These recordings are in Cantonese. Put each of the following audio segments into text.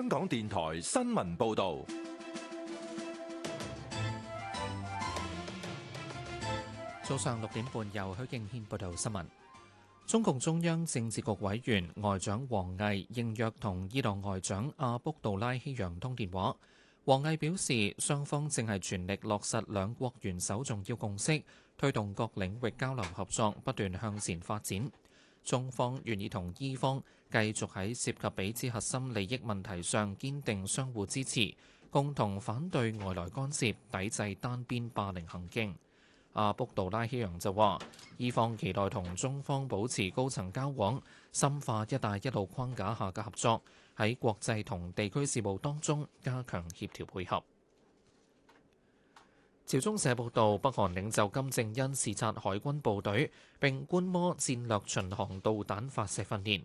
香港電台新聞報道，早上六點半由許敬軒報道新聞。中共中央政治局委員外長王毅應約同伊朗外長阿卜杜拉希揚通電話。王毅表示，雙方正係全力落實兩國元首重要共識，推動各領域交流合作，不斷向前發展。中方願意同伊方繼續喺涉及彼此核心利益問題上堅定相互支持，共同反對外來干涉、抵制單邊霸凌行徑。阿卜杜拉希揚就話，伊方期待同中方保持高層交往，深化“一帶一路”框架下嘅合作，喺國際同地區事務當中加強協調配合。朝中社報導，北韓領袖金正恩視察海軍部隊並觀摩戰略巡航導彈發射訓練。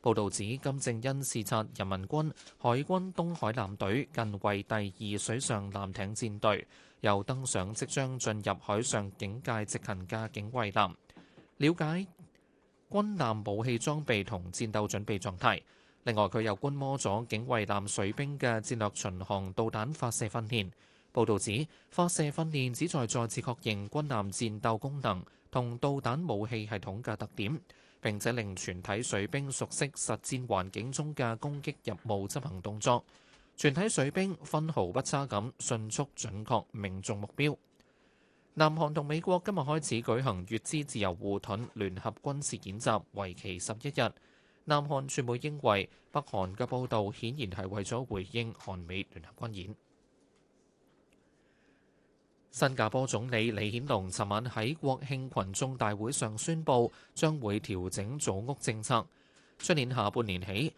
報導指，金正恩視察人民軍海軍東海艦隊近衛第二水上艦艇戰隊，又登上即將進入海上警戒執勤嘅警衛艦，了解軍艦武器裝備同戰鬥準備狀態。另外，佢又觀摩咗警衛艦水兵嘅戰略巡航導彈發射訓練。報道指，發射訓練旨在再次確認軍艦戰鬥功能同導彈武器系統嘅特點，並且令全體水兵熟悉實戰環境中嘅攻擊任務執行動作。全體水兵分毫不差咁迅速準確命中目標。南韓同美國今日開始舉行越之自由護盾聯合軍事演習，為期十一日。南韓傳媒認為北韓嘅報道顯然係為咗回應韓美聯合軍演。新加坡總理李顯龍尋晚喺國慶群眾大會上宣布，將會調整組屋政策。出年下半年起，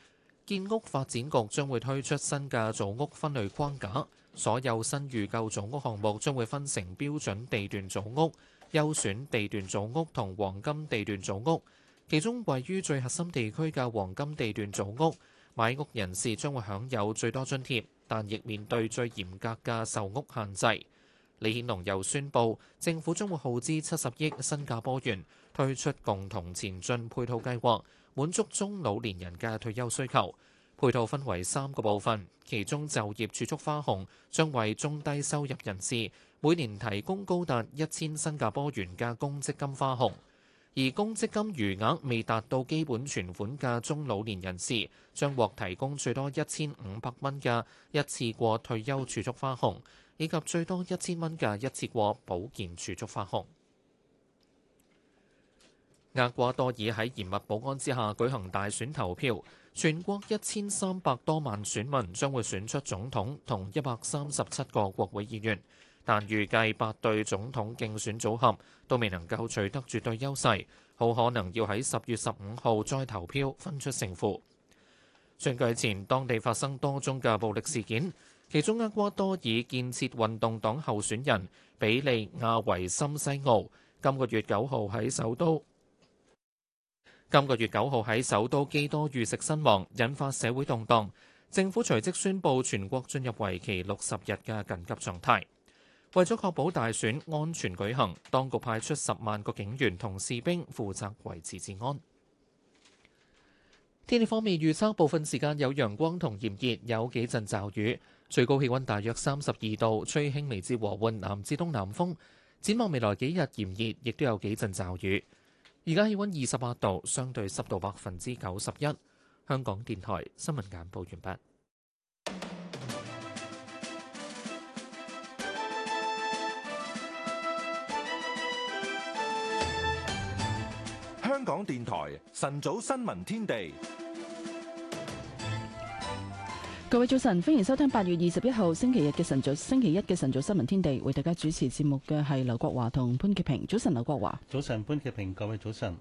建屋發展局將會推出新嘅組屋分類框架，所有新預購組屋項目將會分成標準地段組屋、優選地段組屋同黃金地段組屋。其中位於最核心地區嘅黃金地段組屋，買屋人士將會享有最多津貼，但亦面對最嚴格嘅售屋限制。李顯龍又宣布，政府將會耗資七十億新加坡元推出共同前進配套計劃，滿足中老年人嘅退休需求。配套分為三個部分，其中就業儲蓄花紅將為中低收入人士每年提供高達一千新加坡元嘅公積金花紅，而公積金餘額未達到基本存款嘅中老年人士將獲提供最多一千五百蚊嘅一次過退休儲蓄花紅。以及最多一千蚊嘅一次過保健儲蓄發紅。厄瓜多爾喺嚴密保安之下舉行大選投票，全國一千三百多萬選民將會選出總統同一百三十七個國會議員，但預計八對總統競選組合都未能夠取得絕對優勢，好可能要喺十月十五號再投票分出勝負。選舉前當地發生多宗嘅暴力事件。其中厄瓜多爾建設運動黨候選人比利亞維森西奧今個月九號喺首都今個月九號喺首都基多遇食身亡，引發社會動盪。政府隨即宣布全國進入為期六十日嘅緊急狀態，為咗確保大選安全舉行，當局派出十萬個警員同士兵負責維持治安。天氣方面，預測部分時間有陽光同炎熱，有幾陣驟雨。最高氣溫大約三十二度，吹輕微至和緩南至東南風。展望未來幾日炎熱，亦都有幾陣驟雨。而家氣溫二十八度，相對濕度百分之九十一。香港電台新聞簡報完畢。香港電台晨早新聞天地。各位早晨，歡迎收聽八月二十一號星期日嘅晨早，星期一嘅晨早新聞天地，為大家主持節目嘅係劉國華同潘潔平。早晨，劉國華。早晨，潘潔平。各位早晨。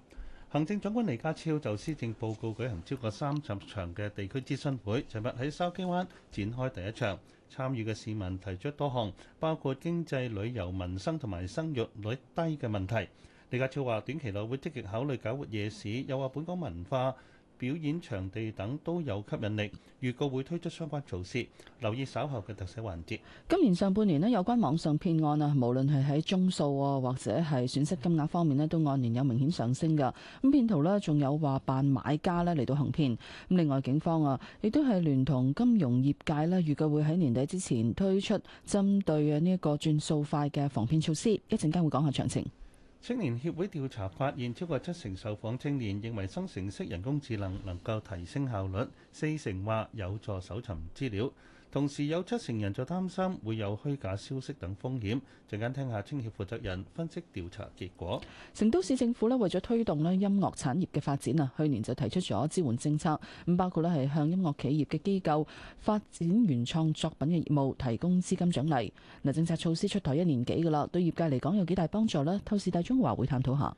行政長官李家超就施政報告舉行超過三十場嘅地區諮詢會，尋日喺筲箕灣展開第一場。參與嘅市民提出多項，包括經濟、旅遊、民生同埋生育率，率低嘅問題，李家超話短期內會積極考慮搞活夜市，又話本港文化，表演場地等都有吸引力，預告會推出相關措施，留意稍後嘅特寫環節。今年上半年咧，有關網上騙案啊，無論係喺宗數啊，或者係損失金額方面咧，都按年有明顯上升㗎。咁騙徒咧，仲有話扮買家咧嚟到行騙。咁另外警方啊，亦都係聯同金融業界咧，預計會喺年底之前推出針對啊呢一個轉數快嘅防騙措施。一陣間會講下詳情。青年協會調查發現，超過七成受訪青年認為生成式人工智能能夠提升效率，四成話有助搜尋資料。同時有七成人就擔心會有虛假消息等風險。陣間聽下青協負責人分析調查結果。成都市政府咧為咗推動咧音樂產業嘅發展啊，去年就提出咗支援政策，咁包括咧係向音樂企業嘅機構發展原創作品嘅業務提供資金獎勵。嗱，政策措施出台一年幾噶啦，對業界嚟講有幾大幫助呢？透視大中華會探討下。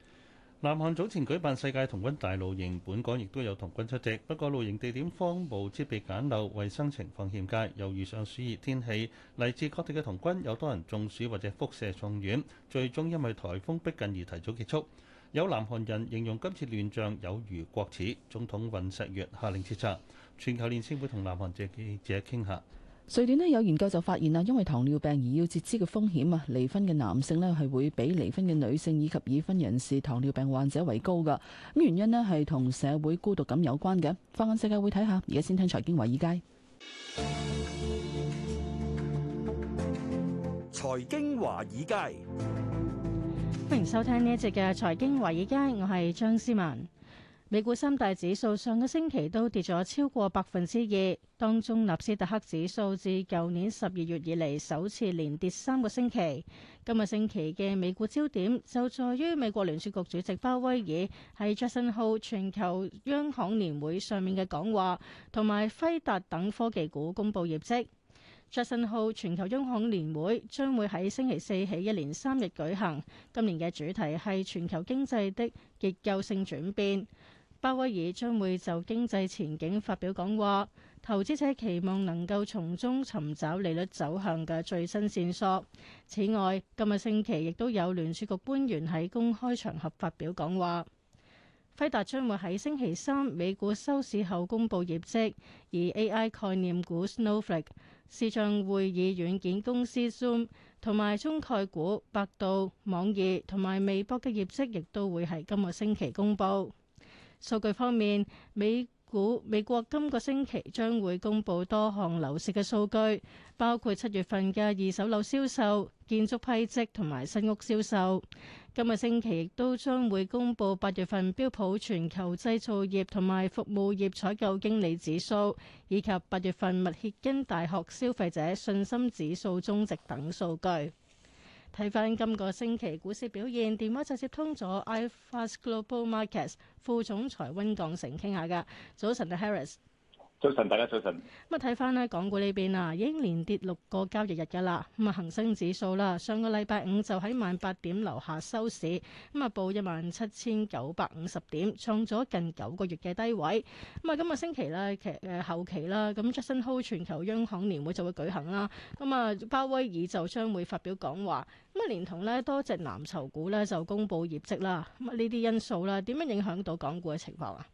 南韓早前舉辦世界童軍大露營，本港亦都有童軍出席。不過露營地點荒蕪、設備簡陋、衛生情況欠佳，又遇上暑熱天氣，嚟自各地嘅童軍有多人中暑或者腹瀉送院，最終因為颱風逼近而提早結束。有南韓人形容今次亂象有如國恥。總統尹錫悅下令徹查。全球連線會同南韓嘅記者傾下。瑞典咧有研究就發現啦，因為糖尿病而要截肢嘅風險啊，離婚嘅男性咧係會比離婚嘅女性以及已婚人士、糖尿病患者為高噶。咁原因咧係同社會孤獨感有關嘅。放眼世界會睇下，而家先聽財經華爾街。財經華爾街，歡迎收聽呢一節嘅財經華爾街，我係張思文。美股三大指數上個星期都跌咗超過百分之二，當中納斯達克指數自舊年十二月以嚟首次連跌三個星期。今個星期嘅美股焦點就在於美國聯儲局主席鮑威爾喺 Jackson Hole 全球央行年會上面嘅講話同埋輝達等科技股公布業績。Jackson Hole 全球央行年會將會喺星期四起一連三日舉行，今年嘅主題係全球經濟的結構性轉變。鮑威爾將會就經濟前景發表講話，投資者期望能夠從中尋找利率走向嘅最新線索。此外，今個星期亦都有聯儲局官員喺公開場合發表講話。輝達將會喺星期三美股收市後公佈業績，而 AI 概念股 Snowflake、視像會議軟件公司 Zoom 同埋中概股百度、網易同埋微博嘅業績亦都會喺今個星期公佈。數據方面，美股美國今個星期將會公布多項樓市嘅數據，包括七月份嘅二手樓銷售、建築批積同埋新屋銷售。今個星期亦都將會公布八月份標普全球製造業同埋服務業採購經理指數，以及八月份密歇根大學消費者信心指數終值等數據。睇翻今個星期股市表現，電話就接通咗 iFast Global Markets 副總裁温鋼成傾下㗎。早晨，阿 Harris。早晨，大家早晨。咁啊，睇翻呢，港股呢邊啊，已經連跌六個交易日噶啦。咁啊，恒生指數啦，上個禮拜五就喺萬八點樓下收市，咁啊，報一萬七千九百五十點，創咗近九個月嘅低位。咁啊，今個星期呢，其誒後期啦，咁 Jackson Hole 全球央行年會就會舉行啦。咁啊，鮑威爾就將會發表講話。咁啊，連同呢多隻藍籌股呢，就公布業績啦。咁啊，呢啲因素啦，點樣影響到港股嘅情況啊？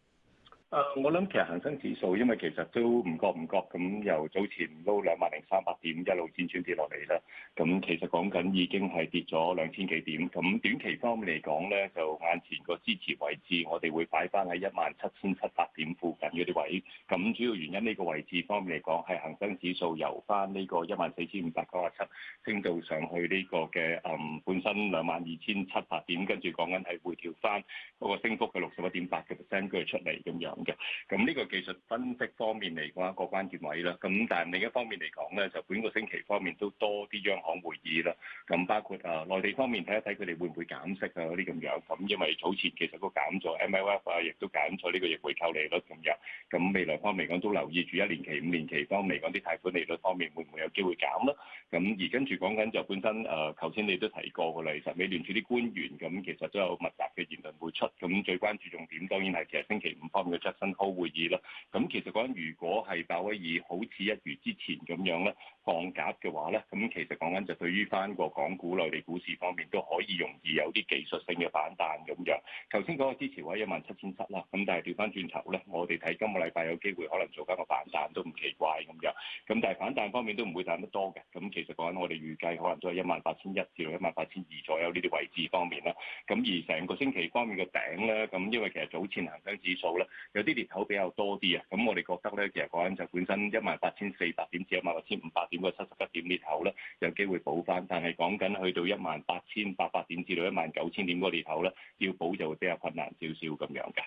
誒，我諗其實恒生指數，因為其實都唔覺唔覺咁，由早前撈兩萬零三百點一路漸漸跌落嚟啦。咁其實講緊已經係跌咗兩千幾點。咁短期方面嚟講咧，就眼前個支持位置，我哋會擺翻喺一萬七千七百點附近嗰啲位。咁主要原因呢個位置方面嚟講，係恒生指數由翻呢個一萬四千五百九十七升到上去呢個嘅誒本身兩萬二千七百點，跟住講緊係回調翻嗰個升幅嘅六十一點八嘅 percent 跟住出嚟咁樣。咁呢個技術分析方面嚟講一個關鍵位啦。咁但係另一方面嚟講咧，就本個星期方面都多啲央行會議啦。咁包括啊內、呃、地方面睇一睇佢哋會唔會減息啊嗰啲咁樣。咁因為早前其實都減咗，MLF 啊亦都減咗呢個逆回購利率咁樣。咁未來方面講都留意住一年期、五年期方面講啲貸款利率方面會唔會有機會減咧？咁而跟住講緊就本身誒，頭、呃、先你都提過喇其實美聯儲啲官員咁其實都有密集嘅言論會出。咁最關注重點當然係其實星期五方面嘅出，新開會議啦，咁其實講緊如果係鮑威爾好似一月之前咁樣咧降息嘅話咧，咁其實講緊就對於翻個港股、內地股市方面都可以容易有啲技術性嘅反彈咁樣。頭先講嘅支持位一萬七千七啦，咁但係掉翻轉頭咧，我哋睇今個禮拜有機會可能做翻個反彈都唔奇怪咁樣。咁但係反彈方面都唔會彈得多嘅，咁其實講緊我哋預計可能都係一萬八千一至到一萬八千二左右呢啲位置方面啦。咁而成個星期方面嘅頂咧，咁因為其實早前恒生指數咧。有啲裂口比較多啲啊，咁我哋覺得咧，其實講緊就本身一萬八千四百點至一萬八千五百點嗰七十一點裂口咧，有機會補翻。但係講緊去到一萬八千八百點至到一萬九千點嗰裂口咧，要補就會比較困難少少咁樣嘅。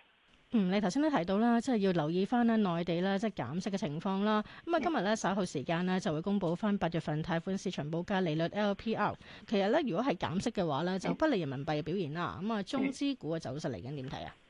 嗯，你頭先都提到啦，即係要留意翻咧內地咧即係減息嘅情況啦。咁啊，今日咧、嗯、稍後時間呢，就會公佈翻八月份貸款市場報價利率 LPR。其實咧，如果係減息嘅話咧，就不利人民幣嘅表現啦。咁啊、嗯，中資股嘅走勢嚟緊，點睇啊？嗯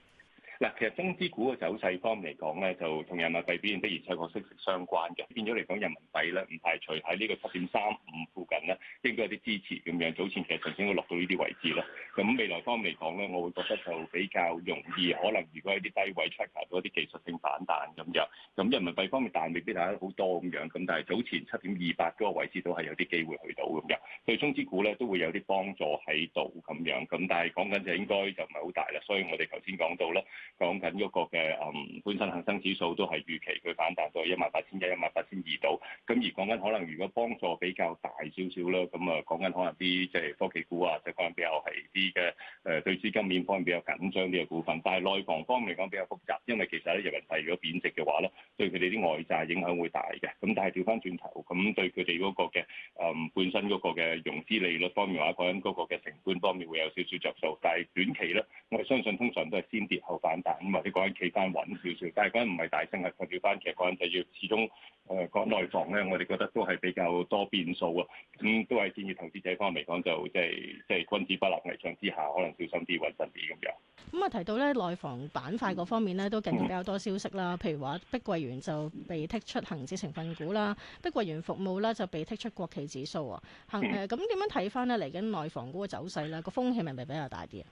嗱，其實中資股嘅走勢方面嚟講咧，就同人，人民幣表現的而且確息息相關嘅，變咗嚟講人民幣咧，唔排除喺呢個七點三五附近咧，應該有啲支持咁樣。早前其實曾經會落到呢啲位置咯。咁未來方面嚟講咧，我會覺得就比較容易，可能如果喺啲低位出現多啲技術性反彈咁樣。咁人民幣方面，但未必大家好多咁樣。咁但係早前七點二八嗰個位置都係有啲機會去到咁樣，對中資股咧都會有啲幫助喺度咁樣。咁但係講緊就應該就唔係好大啦。所以我哋頭先講到啦。講緊嗰個嘅誒本身恒生指數都係預期佢反彈到一萬八千一、一萬八千二度。咁而講緊可能如果幫助比較大少少啦，咁啊講緊可能啲即係科技股啊，就可能比較係啲嘅誒對資金面方面比較緊張啲嘅股份。但係內房方面嚟講比較複雜，因為其實咧人民幣如果貶值嘅話咧，對佢哋啲外債影響會大嘅。咁但係掉返轉頭，咁對佢哋嗰個嘅誒、呃、本身嗰個嘅融資利率方面話，講緊嗰個嘅成本方面會有少少着數。但係短期咧，我係相信通常都係先跌後反。咁或者講緊企翻穩少少，但係講緊唔係大升，係控制翻嘅。講緊就要始終誒國、呃、內房咧，我哋覺得都係比較多變數啊。咁、嗯、都喺建議投資者方面嚟講，就即係即係君子不立危牆之下，可能小心啲、穩陣啲咁樣。咁啊、嗯、提到咧內房板塊嗰方面咧，都近日比較多消息啦。譬如話碧桂園就被剔出恆指成分股啦，碧桂園服務啦就被剔出國企指數啊。恆誒咁點樣睇翻呢？嚟緊內房股嘅走勢咧？個風險係咪比較大啲啊？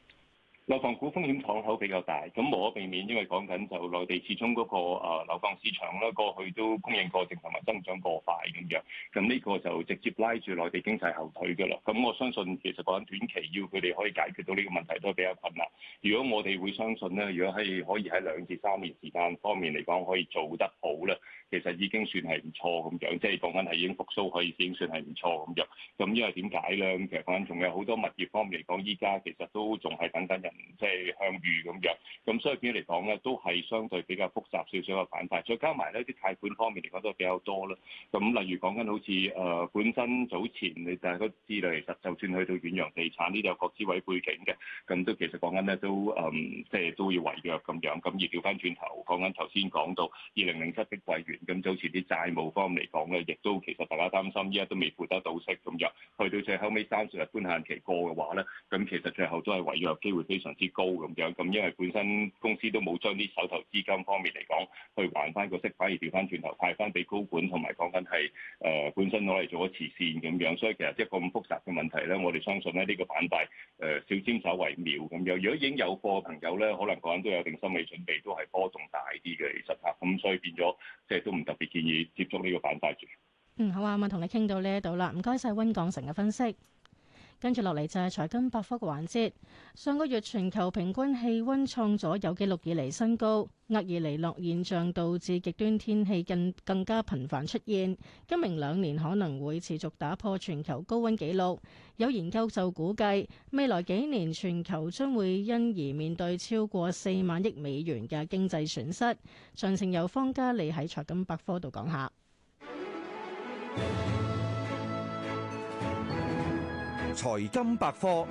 樓房股風險敞口比較大，咁無可避免，因為講緊就內地始終嗰個，呃，樓房市場啦，過去都供應過剩同埋增長過快咁樣，咁呢個就直接拉住內地經濟後腿嘅啦。咁我相信其實講短期要佢哋可以解決到呢個問題都係比較困難。如果我哋會相信呢，如果係可以喺兩至三年時間方面嚟講，可以做得好咧。其實已經算係唔錯咁樣，即係講緊係已經復甦，可以已經算係唔錯咁樣。咁因為點解咧？其實講緊仲有好多物業方面嚟講，依家其實都仲係等緊人，即、就、係、是、向預咁樣。咁所以總之嚟講咧，都係相對比較複雜少少嘅反派。再加埋呢啲貸款方面嚟講都比較多啦。咁例如講緊好似誒、呃、本身早前你大家都知啦，其實就算去到遠洋地產呢，度有國資委背景嘅，咁都其實講緊咧都嗯，即、就、係、是、都要違約咁樣。咁而掉翻轉頭講緊頭先講到二零零七的季咁就好似啲債務方面嚟講咧，亦都其實大家擔心，依家都未付得到息，咁就去到最後尾三十日寬限期過嘅話咧，咁其實最後都係違約機會非常之高咁樣。咁因為本身公司都冇將啲手頭資金方面嚟講，去還翻個息，反而調翻轉頭派翻俾高管同埋講緊係誒本身攞嚟做個慈善咁樣，所以其實一個咁複雜嘅問題咧，我哋相信咧呢個板塊誒少沾手為妙咁樣。如果已經有貨嘅朋友咧，可能個人都有定心理準備，都係波動大啲嘅，其實嚇。咁所以變咗即係。都唔特別建議接觸呢個板塊住。嗯，好啊，我同你傾到呢一度啦。唔該晒。温港城嘅分析。跟住落嚟就係財金百科嘅環節。上個月全球平均氣温創咗有記錄以嚟新高，厄爾尼諾現象導致極端天氣更更加頻繁出現，今明兩年可能會持續打破全球高温記錄。有研究就估計，未來幾年全球將會因而面對超過四萬億美元嘅經濟損失。詳情由方嘉利喺財金百科度講下。 財金百科。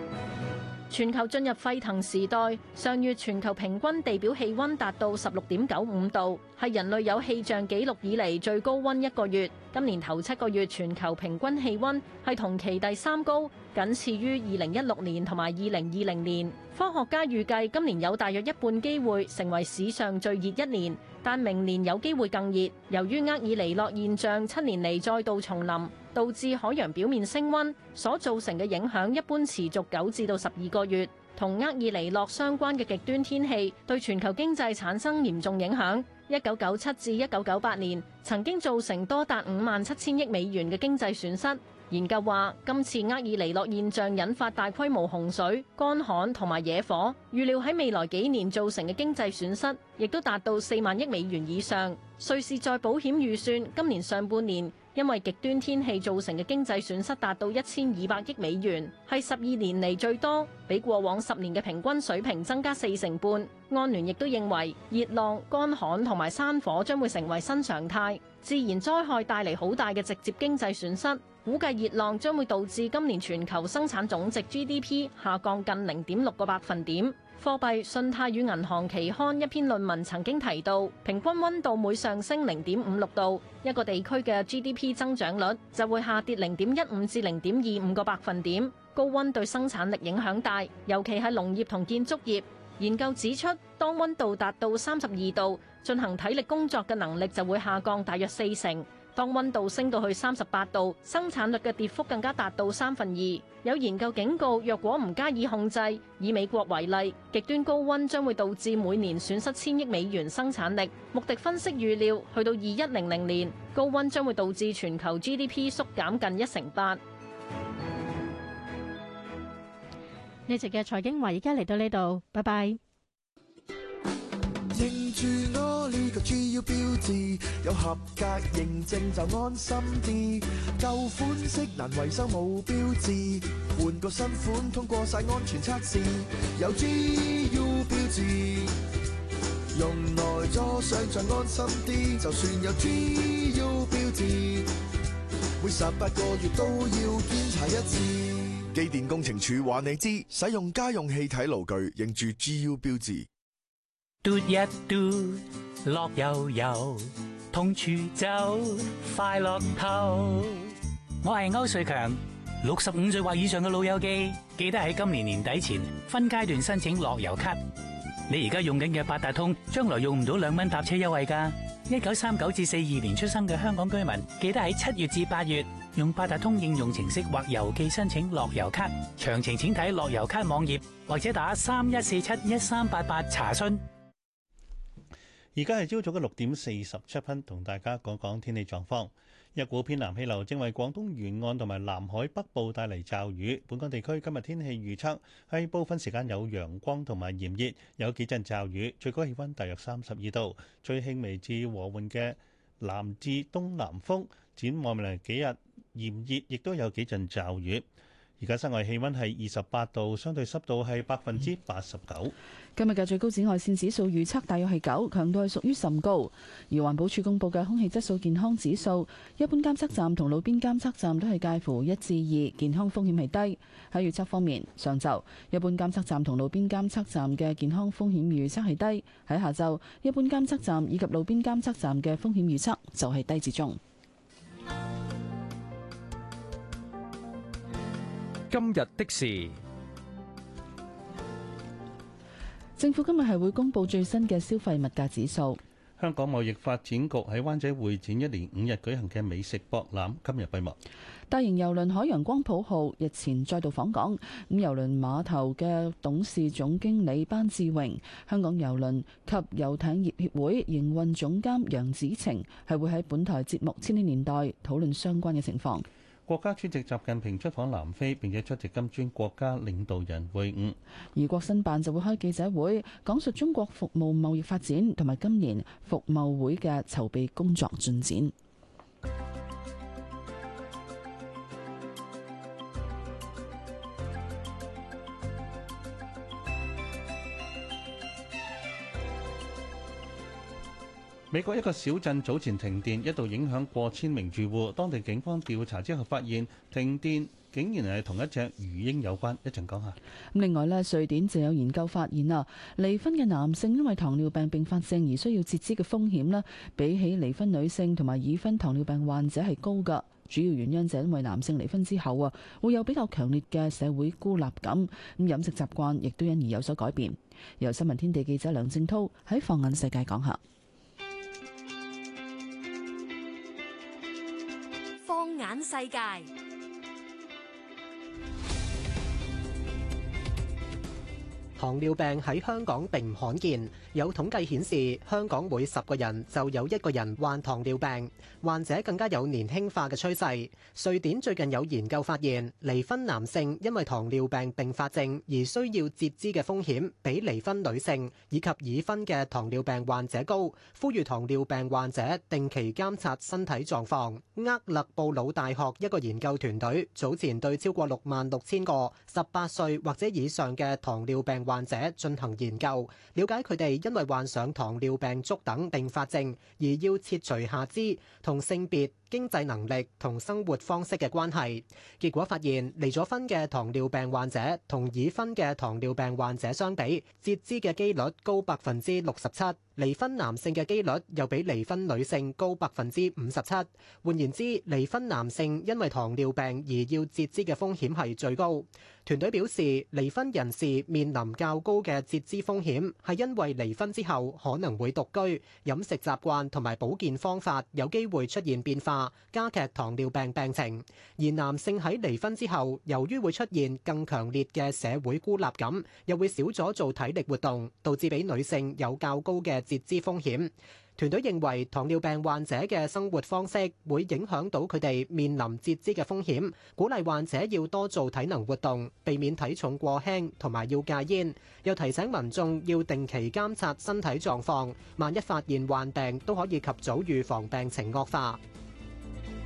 全球進入沸騰時代，上月全球平均地表氣溫達到十六點九五度，係人類有氣象記錄以嚟最高温一個月。今年頭七個月全球平均氣溫係同期第三高，僅次於二零一六年同埋二零二零年。科學家預計今年有大約一半機會成為史上最熱一年，但明年有機會更熱，由於厄爾尼諾現象七年嚟再度重臨。導致海洋表面升溫所造成嘅影響，一般持續九至到十二個月。同厄爾尼諾相關嘅極端天氣對全球經濟產生嚴重影響。一九九七至一九九八年曾經造成多達五萬七千億美元嘅經濟損失。研究話，今次厄爾尼諾現象引發大規模洪水、乾旱同埋野火，預料喺未來幾年造成嘅經濟損失，亦都達到四萬億美元以上。瑞士再保險預算今年上半年。因為極端天氣造成嘅經濟損失達到一千二百億美元，係十二年嚟最多，比過往十年嘅平均水平增加四成半。安聯亦都認為，熱浪、乾旱同埋山火將會成為新常態，自然災害帶嚟好大嘅直接經濟損失，估計熱浪將會導致今年全球生產總值 GDP 下降近零點六個百分點。《貨幣信貸與銀行期刊》一篇論文曾經提到，平均溫度每上升零點五六度，一個地區嘅 GDP 增長率就會下跌零點一五至零點二五個百分點。高溫對生產力影響大，尤其係農業同建築業。研究指出，當溫度達到三十二度，進行體力工作嘅能力就會下降大約四成。當溫度升到去三十八度，生產率嘅跌幅更加達到三分二。有研究警告，若果唔加以控制，以美國為例，極端高溫將會導致每年損失千億美元生產力。穆迪分析預料，去到二一零零年，高溫將會導致全球 GDP 縮減近一成八。呢集嘅財經話，而家嚟到呢度，拜拜。認住我呢個 G U 標誌，有合格認證就安心啲。舊款式難維修冇標誌，換個新款通過晒安全測試，有 G U 標誌，用耐咗上就安心啲。就算有 G U 標誌，每十八個月都要檢查一次。機電工程署話你知，使用家用氣體爐具認住 G U 標誌。嘟一嘟，樂悠悠，痛處走，快樂透。我係歐瑞強，六十五歲或以上嘅老友記，記得喺今年年底前分階段申請樂悠咭。你而家用緊嘅八達通，將來用唔到兩蚊搭車優惠㗎。一九三九至四二年出生嘅香港居民，記得喺七月至八月用八達通應用程式或郵寄申請樂悠咭。詳情請睇樂悠咭網頁或者打三一四七一三八八查詢。而家係朝早嘅六點四十七分，同大家講講天氣狀況。一股偏南氣流正為廣東沿岸同埋南海北部帶嚟驟雨。本港地區今日天，天氣預測喺部分時間有陽光同埋炎熱，有幾陣驟雨，最高氣温大約三十二度。最輕微至和緩嘅南至東南風，展望未來幾日炎熱，亦都有幾陣驟雨。而家室外氣温係二十八度，相對濕度係百分之八十九。今日嘅最高紫外線指數預測大約係九，強度係屬於甚高。而環保署公布嘅空氣質素健康指數，一般監測站同路邊監測站都係介乎一至二，健康風險係低。喺預測方面，上晝一般監測站同路邊監測站嘅健康風險預測係低；喺下晝，一般監測站以及路邊監測站嘅風險預測就係低至中。今日的事，政府今日係會公布最新嘅消費物價指數。香港貿易發展局喺灣仔會展一年五日舉行嘅美食博覽今日閉幕。大型郵輪海洋光譜號日前再度訪港，郵輪碼頭嘅董事總經理班志榮、香港郵輪及遊艇業協會營運總監楊子晴係會喺本台節目《千禧年代》討論相關嘅情況。國家主席習近平出訪南非，並且出席金磚國家領導人會晤。而國新辦就會開記者會，講述中國服務貿易發展同埋今年服貿會嘅籌備工作進展。美國一個小鎮早前停電，一度影響過千名住戶。當地警方調查之後發現，停電竟然係同一隻魚鷹有關。一陣講下咁。另外咧，瑞典就有研究發現啊，離婚嘅男性因為糖尿病併發症而需要截肢嘅風險咧，比起離婚女性同埋已婚糖尿病患者係高噶。主要原因就係因為男性離婚之後啊，會有比較強烈嘅社會孤立感，咁飲食習慣亦都因而有所改變。由新聞天地記者梁正濤喺放眼世界講下。光眼世界。糖尿病喺香港並唔罕見，有統計顯示香港每十個人就有一個人患糖尿病，患者更加有年輕化嘅趨勢。瑞典最近有研究發現離婚男性因為糖尿病併發症而需要截肢嘅風險比離婚女性以及已婚嘅糖尿病患者高。呼籲糖尿病患者定期監察身體狀況，厄勒布魯大學一個研究團隊早前對超過六萬六千個十八歲或者以上嘅糖尿病患患者進行研究，了解佢哋因為患上糖尿病足等併發症而要切除下肢同性別、經濟能力同生活方式嘅關係，結果發現，離咗婚嘅糖尿病患者同已婚嘅糖尿病患者相比，截肢嘅幾率高百分之六十七。離婚男性嘅幾率又比離婚女性高百分之五十七。換言之，離婚男性因為糖尿病而要截肢嘅風險係最高。團隊表示，離婚人士面臨較高嘅截肢風險，係因為離婚之後可能會獨居，飲食習慣同埋保健方法有機會出現變化。加劇糖尿病病情，而男性喺離婚之後，由於會出現更強烈嘅社會孤立感，又會少咗做體力活動，導致比女性有較高嘅截肢風險。團隊認為糖尿病患者嘅生活方式會影響到佢哋面臨截肢嘅風險，鼓勵患者要多做體能活動，避免體重過輕，同埋要戒煙。又提醒民眾要定期監察身體狀況，萬一發現患病都可以及早預防病情惡化。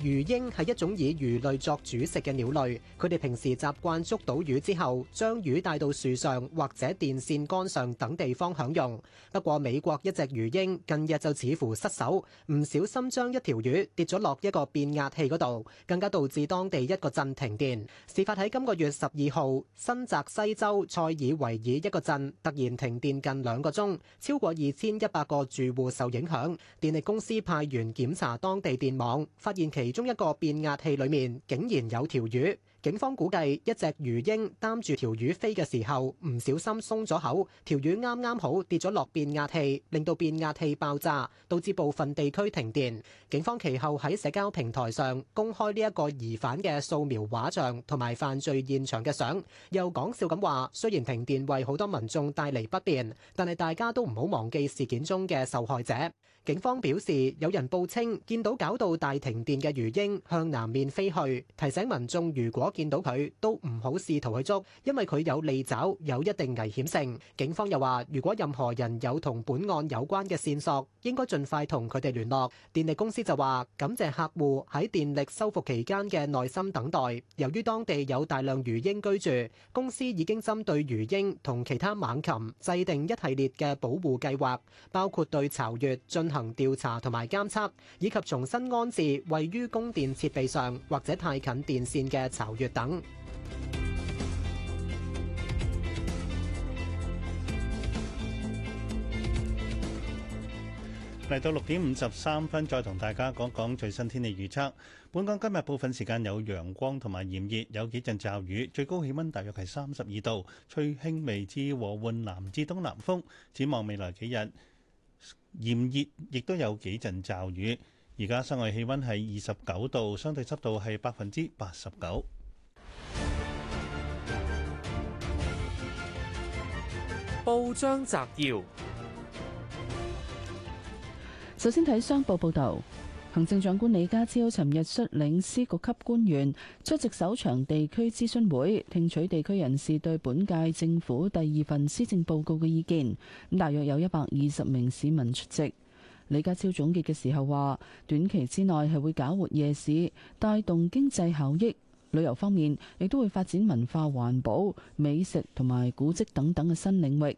魚鷹係一種以魚類作主食嘅鳥類，佢哋平時習慣捉到魚之後，將魚帶到樹上或者電線桿上等地方享用。不過美國一隻魚鷹近日就似乎失手，唔小心將一條魚跌咗落一個變壓器嗰度，更加導致當地一個鎮停電。事發喺今個月十二號，新澤西州塞爾維爾一個鎮突然停電近兩個鐘，超過二千一百個住戶受影響。電力公司派員檢查當地電網，發現其其中一個變壓器裏面竟然有條魚。警方估計一隻魚鷹擔住條魚飛嘅時候唔小心鬆咗口，條魚啱啱好跌咗落變壓器，令到變壓器爆炸，導致部分地區停電。警方其後喺社交平台上公開呢個疑犯嘅掃描畫像同埋犯罪現場嘅相，又講笑咁話，雖然停電為好多民眾帶嚟不便，但係大家都唔好忘記事件中嘅受害者。警方表示，有人報稱見到搞到大停電嘅魚鷹向南面飛去，提醒民眾如果見到佢都唔好試圖去捉，因為佢有利爪，有一定危險性。警方又話，如果任何人有同本案有關嘅線索，應該盡快同佢哋聯絡。電力公司就話，感謝客戶喺電力修復期間嘅耐心等待。由於當地有大量魚鷹居住，公司已經針對魚鷹同其他猛禽制定一系列嘅保護計劃，包括對巢穴進行調查同埋監測，以及重新安置位於供電設備上或者太近電線嘅巢。約等嚟到六點五十三分，再同大家講講最新天氣預測。本港今日部分時間有陽光同埋炎熱，有幾陣驟雨，最高氣温大約係三十二度，吹輕微至和緩南至東南風。展望未來幾日，炎熱亦都有幾陣驟雨。而家室外氣温係二十九度，相對濕度係百分之八十九。報章摘要。首先睇商報報道，行政長官李家超尋日率領司局級官員出席首場地區諮詢會，聽取地區人士對本屆政府第二份施政報告嘅意見。咁大約有一百二十名市民出席。李家超總結嘅時候話，短期之內係會搞活夜市，帶動經濟效益。旅遊方面亦都會發展文化、環保、美食同埋古蹟等等嘅新領域。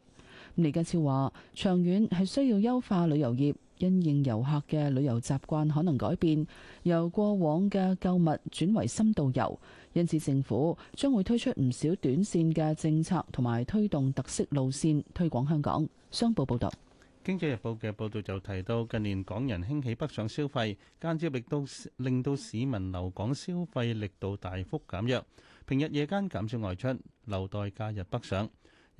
李家超話，長遠係需要優化旅遊業，因應遊客嘅旅遊習慣可能改變，由過往嘅購物轉為深度遊，因此政府將會推出唔少短綫嘅政策同埋推動特色路綫推廣香港。商報報道。《經濟日報》嘅報導就提到，近年港人興起北上消費，間接力到令到市民留港消費力度大幅減弱，平日夜間減少外出，留待假日北上。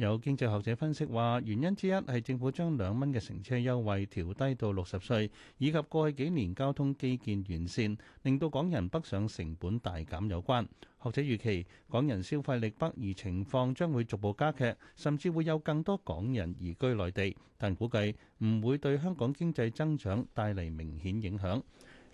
有經濟學者分析話，原因之一係政府將兩蚊嘅乘車優惠調低到六十歲，以及過去幾年交通基建完善，令到港人北上成本大減有關。學者預期，港人消費力北移情況將會逐步加劇，甚至會有更多港人移居內地，但估計唔會對香港經濟增長帶嚟明顯影響。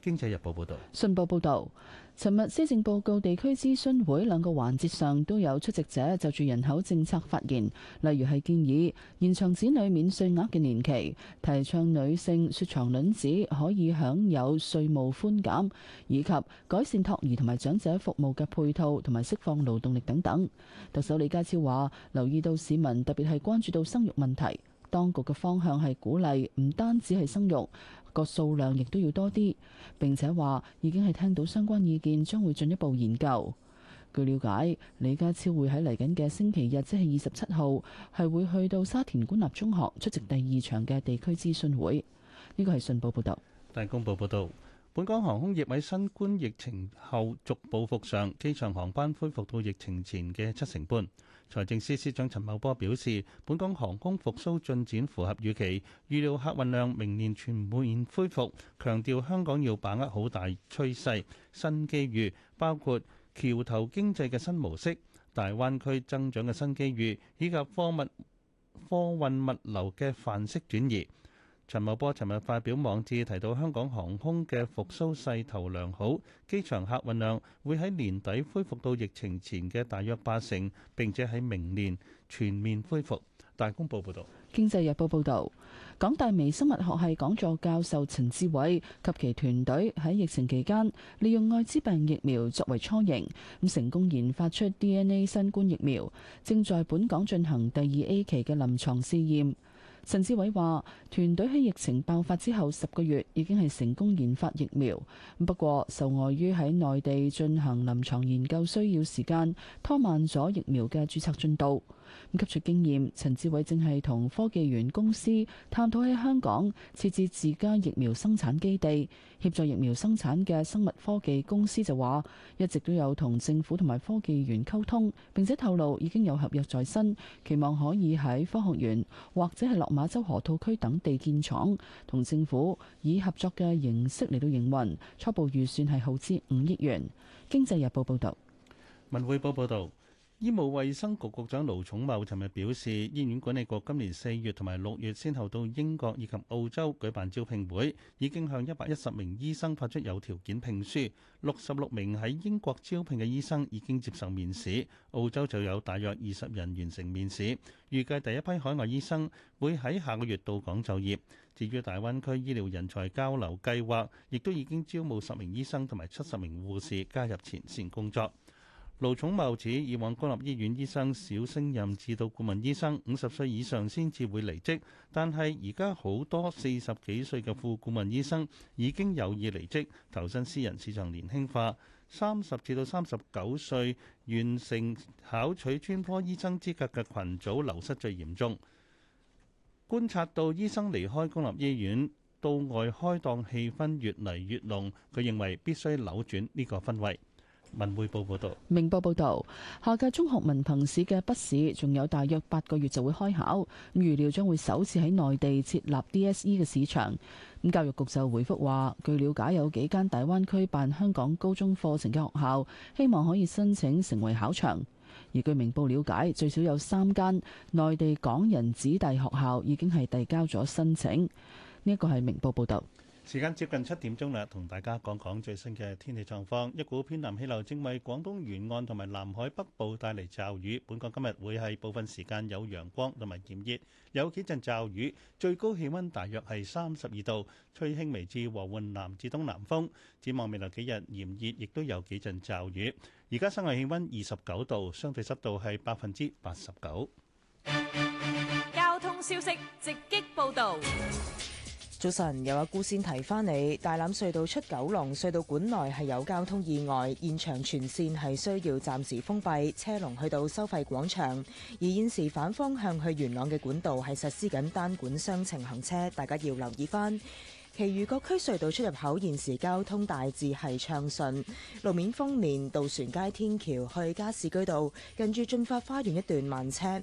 經濟日報報導，信報報導，尋日施政報告地區諮詢會兩個環節上都有出席者就住人口政策發言，例如係建議延長子女免稅額嘅年期，提倡女性雪藏卵子可以享有稅務寬減，以及改善托兒同埋長者服務嘅配套同埋釋放勞動力等等。特首李家超話：留意到市民特別係關注到生育問題。當局嘅方向係鼓勵，唔單止係生育，個數量亦都要多啲。並且話已經係聽到相關意見，將會進一步研究。據了解，李家超會喺嚟緊嘅星期日，即係二十七號，係會去到沙田官立中學出席第二場嘅地區諮詢會。呢個係信報報道。大公報報道，本港航空業喺新冠疫情後逐步復上，機場航班恢復到疫情前嘅七成半。財政司司長陳茂波表示，本港航空復甦進展符合預期，預料客運量明年全面恢復。強調香港要把握好大趨勢、新機遇，包括橋頭經濟嘅新模式、大灣區增長嘅新機遇，以及貨物貨運物流嘅範式轉移。陳茂波尋日發表網誌提到香港航空嘅復蘇勢頭良好,機場客運量會喺年底恢復到疫情前嘅大約8成,並且喺明年全面恢復,大公報報道。陳志偉話：團隊喺疫情爆發之後十個月，已經係成功研發疫苗。不過，受礙於喺內地進行臨床研究需要時間，拖慢咗疫苗嘅註冊進度。咁汲取經驗，陳志偉正係同科技園公司探討喺香港設置自家疫苗生產基地，協助疫苗生產嘅生物科技公司就話，一直都有同政府同埋科技園溝通，並且透露已經有合約在身，期望可以喺科學園或者係落馬洲河套區等地建廠，同政府以合作嘅形式嚟到營運，初步預算係耗資五億元。經濟日報報道。文匯報報道。醫務衛生局局長盧寵茂尋日表示，醫院管理局今年四月同埋六月先後到英國以及澳洲舉辦招聘會，已經向一百一十名醫生發出有條件聘書，六十六名喺英國招聘嘅醫生已經接受面試，澳洲就有大約二十人完成面試，預計第一批海外醫生會喺下個月到港就業。至於大灣區醫療人才交流計劃，亦都已經招募十名醫生同埋七十名護士加入前綫工作。盧寵茂指以往公立醫院醫生少升任至到顧問醫生，五十歲以上先至會離職。但係而家好多四十幾歲嘅副顧問醫生已經有意離職，投身私人市場，年輕化。三十至到三十九歲完成考取專科醫生資格嘅群組流失最嚴重。觀察到醫生離開公立醫院到外開檔氣氛越嚟越濃，佢認為必須扭轉呢個氛圍。文匯報報道，明報報道，下屆中學文憑試嘅筆試仲有大約八個月就會開考，預料將會首次喺內地設立 DSE 嘅市場，咁教育局就回復話，據了解有幾間大灣區辦香港高中課程嘅學校，希望可以申請成為考場，而據明報了解，最少有三間內地港人子弟學校已經係遞交咗申請，呢一個係明報報道。時間接近七點鐘啦，同大家講講最新嘅天氣狀況。一股偏南氣流正為廣東沿岸同埋南海北部帶嚟驟雨。本港今日會係部分時間有陽光同埋炎熱，有幾陣驟雨，最高氣溫大約係三十二度，吹輕微至和緩南至東南風。展望未來幾日，炎熱亦都有幾陣驟雨。而家室外氣溫二十九度，相對濕度係百分之八十九。交通消息直擊報道。早晨，有阿姑先提翻你，大欖隧道出九龍隧道管內係有交通意外，現場全線係需要暫時封閉，車龍去到收費廣場。而現時反方向去元朗嘅管道係實施緊單管雙程行車，大家要留意翻。其餘各區隧道出入口現時交通大致係暢順。路面方面，渡船街天橋去加士居道近住駿發花園一段慢車。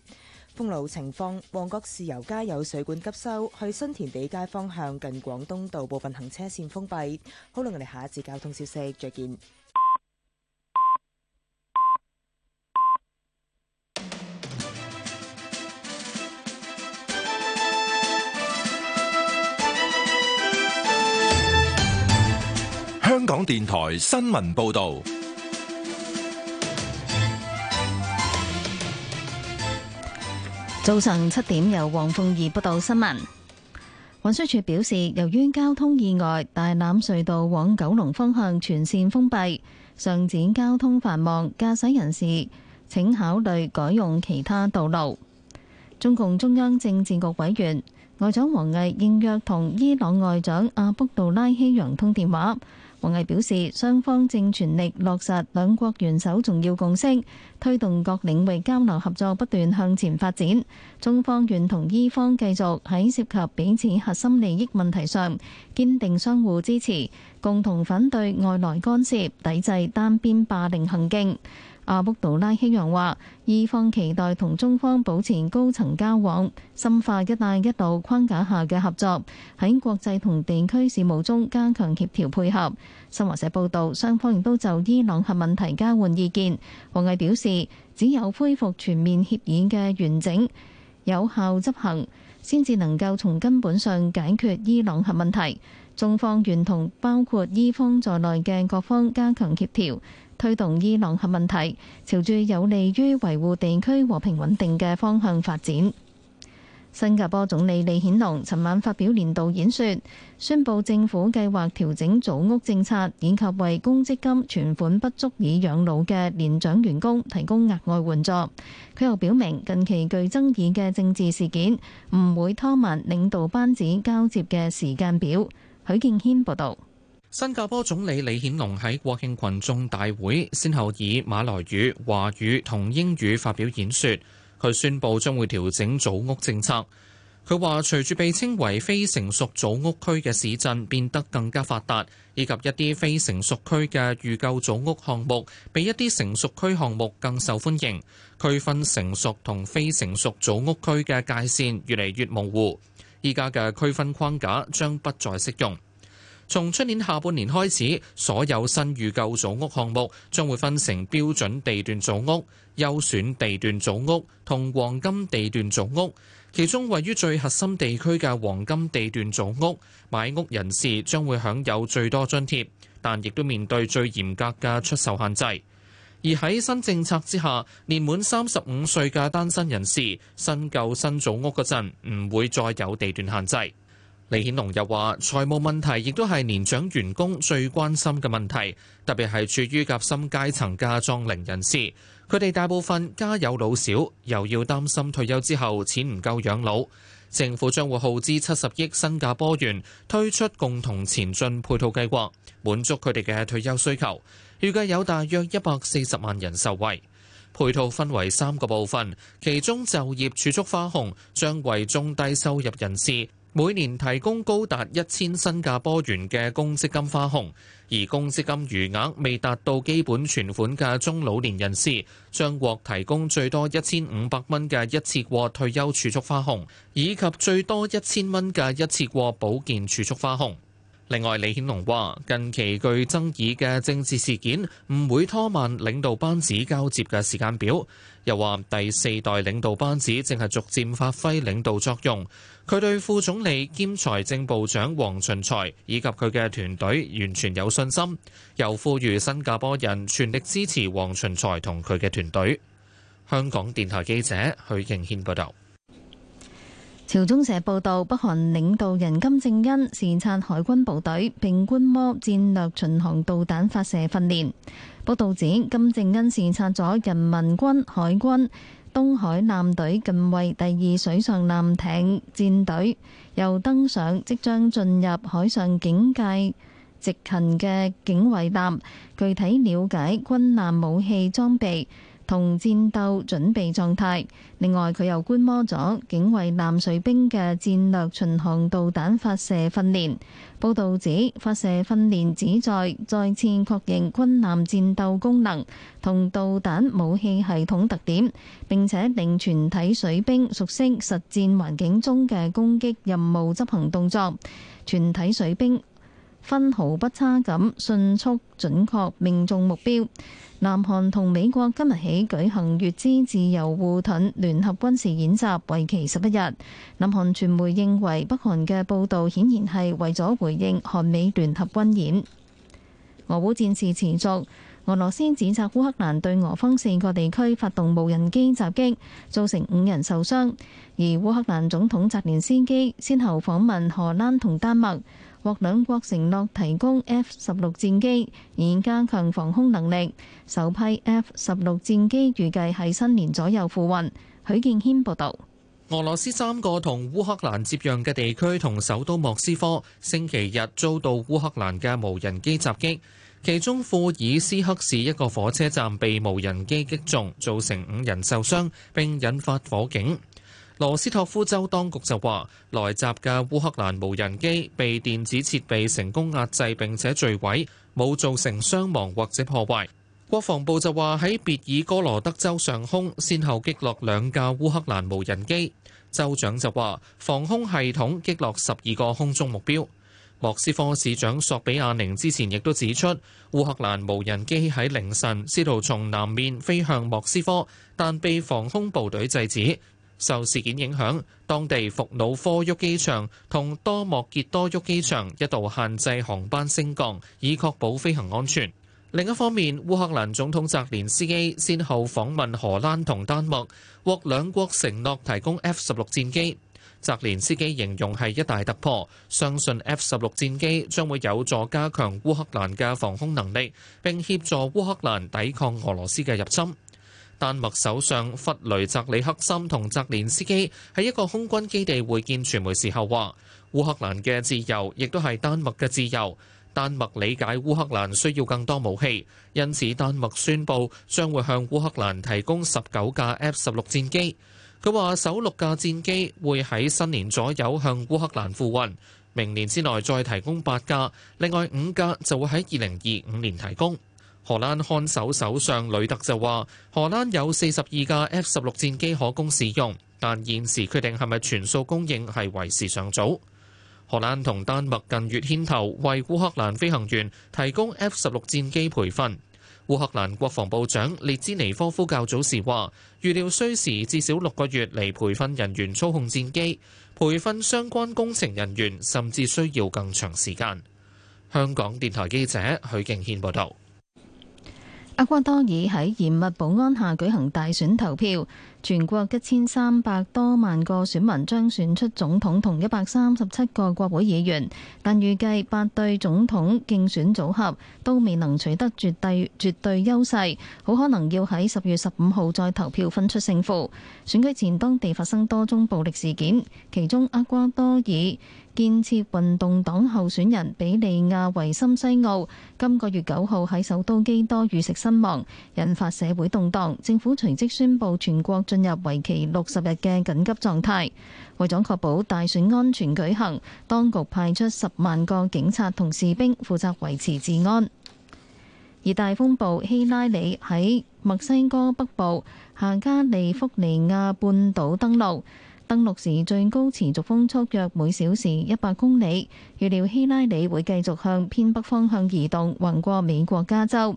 封路情況，旺角豉油街有水管急修，去新田地街方向近廣東道部分行車線封閉。好啦，我哋下一節交通消息，再見。香港電台新聞報道。早晨七點，由黃鳳儀報道新聞。運輸署表示，由於交通意外，大欖隧道往九龍方向全線封閉，上展交通繁忙，駕駛人士請考慮改用其他道路。中共中央政治局委員、外長王毅應約同伊朗外長阿卜杜拉希揚通電話。王毅表示，雙方正全力落實兩國元首重要共識，推動各領域交流合作不斷向前發展。中方願同伊方繼續喺涉及彼此核心利益問題上堅定相互支持，共同反對外來干涉、抵制單邊霸凌行徑。阿卜杜拉希揚話，伊方期待同中方保持高層交往，深化「一帶一路」框架下嘅合作，喺國際同地區事務中加強協調配合。新華社報道，雙方亦都就伊朗核問題交換意見，王毅表示，只有恢復全面協議嘅完整、有效執行，先至能夠從根本上解決伊朗核問題，中方願同包括伊方在內嘅各方加強協調。推動伊朗核問題朝住有利於維護地區和平穩定嘅方向發展。新加坡總理李顯龍尋晚發表年度演說，宣布政府計劃調整組屋政策，以及為公積金存款不足以養老嘅年長員工提供額外援助。佢又表明，近期具爭議嘅政治事件唔會拖慢領導班子交接嘅時間表。許建軒報導。新加坡總理李顯龍喺國慶群眾大會，先後以馬來語、華語同英語發表演說。佢宣布將會調整組屋政策。佢話：隨住被稱為非成熟組屋區嘅市鎮變得更加發達，以及一啲非成熟區嘅預購組屋項目比一啲成熟區項目更受歡迎，區分成熟同非成熟組屋區嘅界線越嚟越模糊。依家嘅區分框架將不再適用。從出年下半年開始，所有新預購組屋項目將會分成標準地段組屋、優選地段組屋同黃金地段組屋。其中位於最核心地區嘅黃金地段組屋，買屋人士將會享有最多津貼，但亦都面對最嚴格嘅出售限制。而喺新政策之下，年滿三十五歲嘅單身人士申購新組屋嗰陣，唔會再有地段限制。李顯龍又話，財務問題亦都係年長員工最關心嘅問題，特別係處於夾心階層嘅壯齡人士。佢哋大部分家有老小，又要擔心退休之後錢唔夠養老。政府將會耗資七十億新加坡元推出共同前進配套計劃，滿足佢哋嘅退休需求。預計有大約一百四十萬人受惠，配套分為三個部分，其中就業儲蓄花紅將為中低收入人士。每年提供高達一千新加坡元嘅公積金花紅，而公積金餘額未達到基本存款嘅中老年人士，將獲提供最多一千五百蚊嘅一次過退休儲蓄花紅，以及最多一千蚊嘅一次過保健儲蓄花紅。另外，李顯龍話近期具爭議嘅政治事件唔會拖慢領導班子交接嘅時間表。又話第四代領導班子正係逐漸發揮領導作用。佢對副總理兼財政部長黃循財以及佢嘅團隊完全有信心，又呼籲新加坡人全力支持黃循財同佢嘅團隊，香港電台記者許敬軒報道。朝中社報導，北韓領導人金正恩視察海軍部隊並觀摩戰略巡航導彈發射訓練。報導指，金正恩視察咗人民軍海軍東海艦隊近衛第二水上艦艇戰隊，又登上即將進入海上警戒執勤嘅警衛艦，具體了解軍艦武器裝備，同戰鬥準備狀態。另外，佢又觀摩咗警衛艦水兵嘅戰略巡航導彈發射訓練。報導指，發射訓練旨在再次確認軍艦戰鬥功能同導彈武器系統特點，並且令全體水兵熟悉實戰環境中嘅攻擊任務執行動作。全體水兵，分毫不差咁，迅速準確命中目標。南韓同美國今日起舉行乙支自由護盾聯合軍事演習，為期十一日。南韓傳媒認為北韓嘅報道顯然係為咗回應韓美聯合軍演。俄烏戰事持續，俄羅斯指責烏克蘭對俄方四個地區發動無人機襲擊，造成五人受傷。而烏克蘭總統澤連斯基先後訪問荷蘭同丹麥。獲兩國承諾提供 F 十六戰機，以加強防空能力。首批 F 十六戰機預計係新年左右付運。許建軒報導。俄羅斯三個同烏克蘭接壤嘅地區同首都莫斯科，星期日遭到烏克蘭嘅無人機襲擊。其中庫爾斯克市一個火車站被無人機擊中，造成五人受傷並引發火警。羅斯托夫州當局就話，來襲嘅烏克蘭無人機被電子設備成功壓制，並且墜毀，冇造成傷亡或者破壞。國防部就話喺別爾哥羅德州上空先後擊落兩架烏克蘭無人機。州長就話，防空系統擊落十二個空中目標。莫斯科市長索比亞寧之前亦都指出，烏克蘭無人機喺凌晨試圖從南面飛向莫斯科，但被防空部隊制止。受事件影響，當地伏努科沃機場同多莫傑多沃機場一度限制航班升降，以確保飛行安全。另一方面，烏克蘭總統澤連斯基先後訪問荷蘭同丹麥，獲兩國承諾提供 F 十六戰機。澤連斯基形容係一大突破，相信 F 十六戰機將會有助加強烏克蘭嘅防空能力，並協助烏克蘭抵抗俄羅斯嘅入侵。丹麥首相弗雷澤里克森同澤連斯基喺一個空軍基地會見傳媒時候話：烏克蘭嘅自由亦都係丹麥嘅自由。丹麥理解烏克蘭需要更多武器，因此丹麥宣布將會向烏克蘭提供十九架 F 十六戰機。佢話首六架戰機會喺新年左右向烏克蘭付運，明年之內再提供八架，另外五架就會喺二零二五年提供。荷蘭看守首相呂特就話，荷蘭有四十二架 F 十六戰機可供使用，但現時決定係咪全數供應係為時尚早。荷蘭同丹麥近月牽頭為烏克蘭飛行員提供 F 十六戰機培訓。烏克蘭國防部長列茲尼科夫較早時話，預料需時至少六個月嚟培訓人員操控戰機，培訓相關工程人員甚至需要更長時間。香港電台記者許敬軒報道。厄瓜多爾喺嚴密保安下舉行大選投票，全國一千三百多萬個選民將選出總統同一百三十七個國會議員。但預計八對總統競選組合都未能取得絕對絕對優勢，好可能要喺十月十五號再投票分出勝負。選舉前當地發生多宗暴力事件，其中厄瓜多爾。建設運動黨候選人比利亞維森西奧今個月九號喺首都基多遇刺身亡，引發社會動盪。政府隨即宣佈全國進入為期六十日嘅緊急狀態，為咗確保大選安全舉行，當局派出十萬個警察同士兵負責維持治安。而大風暴希拉里喺墨西哥北部下加利福尼亞半島登陸。登陸時最高持續風速約每小時一百公里，預料希拉里會繼續向偏北方向移動，橫過美國加州。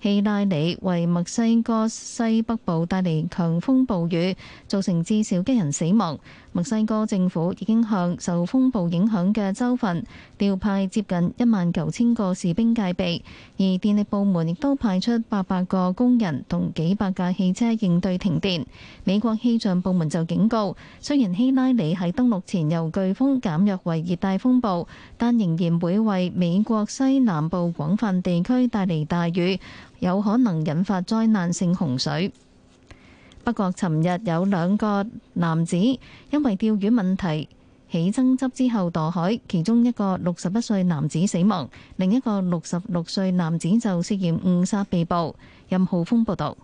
希拉里為墨西哥西北部帶嚟強風暴雨，造成至少一人死亡。墨西哥政府已經向受風暴影響嘅州份調派接近一萬九千個士兵戒備，而電力部門亦都派出八百個工人同幾百架汽車應對停電，美國氣象部門就警告，雖然希拉里喺登陸前由颶風減弱為熱帶風暴，但仍然會為，為美國西南部廣泛地區帶嚟大雨。有可能引發災難性洪水。不過，尋日有兩個男子因為釣魚問題起爭執，之後墮海，其中一個六十一歲男子死亡，另一個六十六歲男子就涉嫌誤殺被捕。任浩峰報導。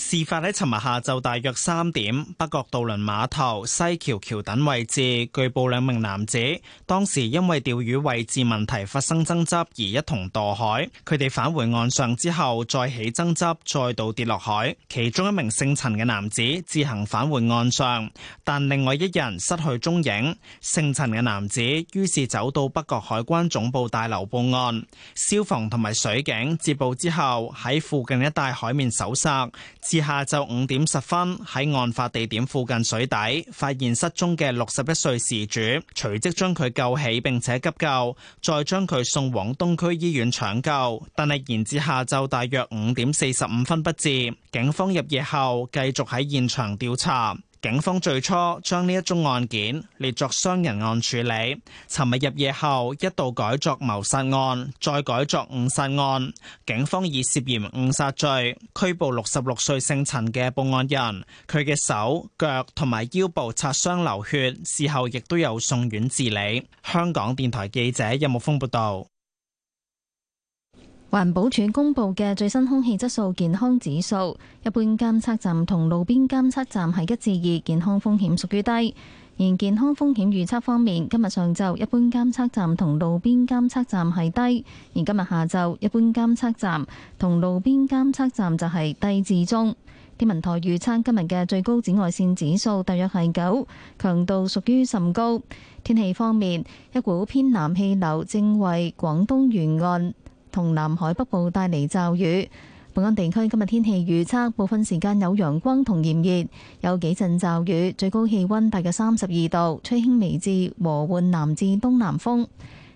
事發喺尋日下晝大約三點，北角渡輪碼頭西橋橋墩位置，據報兩名男子當時因為釣魚位置問題發生爭執而一同墮海。佢哋返回岸上之後再起爭執，再度跌落海。其中一名姓陳嘅男子自行返回岸上，但另外一人失去蹤影。姓陳嘅男子於是走到北角海關總部大樓報案，消防同埋水警接報之後喺附近一帶海面搜索。至下晝五點十分，喺案發地點附近水底發現失蹤嘅六十一歲事主，隨即將佢救起並且急救，再將佢送往東區醫院搶救，但係延至下晝大約五點四十五分不治。警方入夜後繼續喺現場調查。警方最初將呢一宗案件列作傷人案處理，尋日入夜後一度改作謀殺案，再改作誤殺案。警方以涉嫌誤殺罪拘捕六十六歲姓陳嘅報案人，佢嘅手腳同埋腰部擦傷流血，事後亦都有送院治理。香港電台記者任木峯報道。環保署公布嘅最新空氣質素健康指數，一般監測站同路邊監測站係一至二，健康風險屬於低。而健康風險預測方面，今日上晝一般監測站同路邊監測站係低，而今日下晝一般監測站同路邊監測站就係低至中。天文台預測今日嘅最高紫外線指數大約係九，強度屬於甚高。天氣方面，一股偏南氣流正為廣東沿岸，同南海北部帶嚟驟雨。本港地區今日天，天氣預測部分時間有陽光同炎熱，有幾陣驟雨，最高氣温大約三十二度，吹輕微至和緩南至東南風。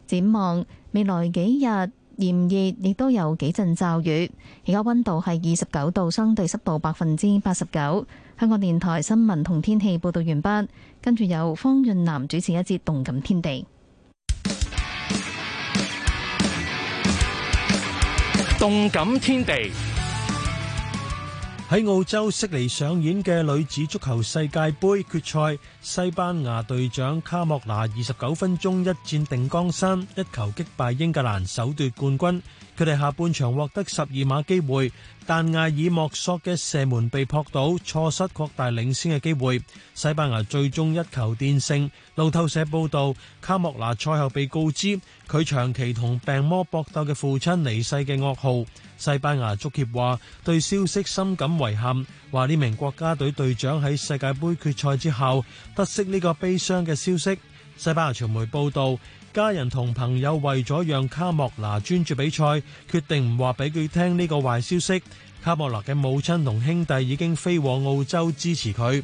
展望未來幾日炎熱，亦都有幾陣驟雨。而家温度係二十九度，相對濕度百分之八十九。香港電台新聞同天氣報導完畢，跟住由方潤南主持一節《動感天地》。動感天地，喺澳洲悉尼上演嘅女子足球世界盃決賽，西班牙隊長卡莫拿二十九分鐘一戰定江山，一球擊敗英格蘭，首奪冠軍。佢哋下半場獲得十二碼機會，但艾爾莫索嘅射門被撲倒，錯失擴大領先嘅機會。西班牙最終一球淨勝。路透社報導，卡莫拿賽後被告知佢長期同病魔搏鬥嘅父親離世嘅噩耗。西班牙足協話對消息深感遺憾，話呢名國家隊隊長喺世界盃決賽之後得悉呢個悲傷嘅消息。西班牙傳媒報道，家人同朋友為咗讓卡莫拿專注比賽，決定唔話俾佢聽呢個壞消息。卡莫拿嘅母親同兄弟已經飛往澳洲支持佢。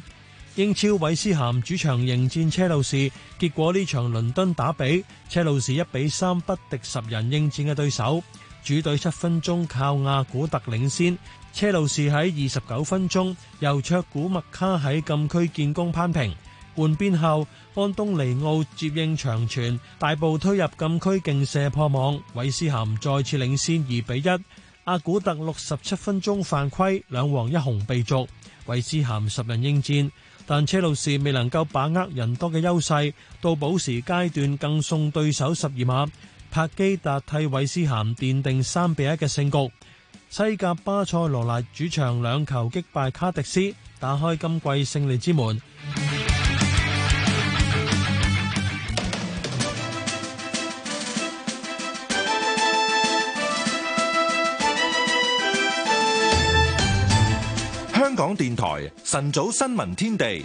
英超韋斯咸主場迎戰車路士，結果呢場倫敦打比，車路士一比三不敵十人應戰嘅對手。主隊七分鐘靠亞古特領先，車路士喺二十九分鐘由卓古麥卡喺禁區建功扳平。換邊後，安東尼奧接應長傳，大步推入禁區勁射破網，韋斯咸再次領先二比一。阿古特六十七分鐘犯規，兩黃一紅被逐，韋斯咸十人應戰，但車路士未能夠把握人多嘅優勢，到保時階段更送對手十二碼。帕基達替韋斯咸奠定三比一嘅勝局。西甲巴塞羅那主場兩球擊敗卡迪斯，打開今季勝利之門。香港電台晨早新聞天地，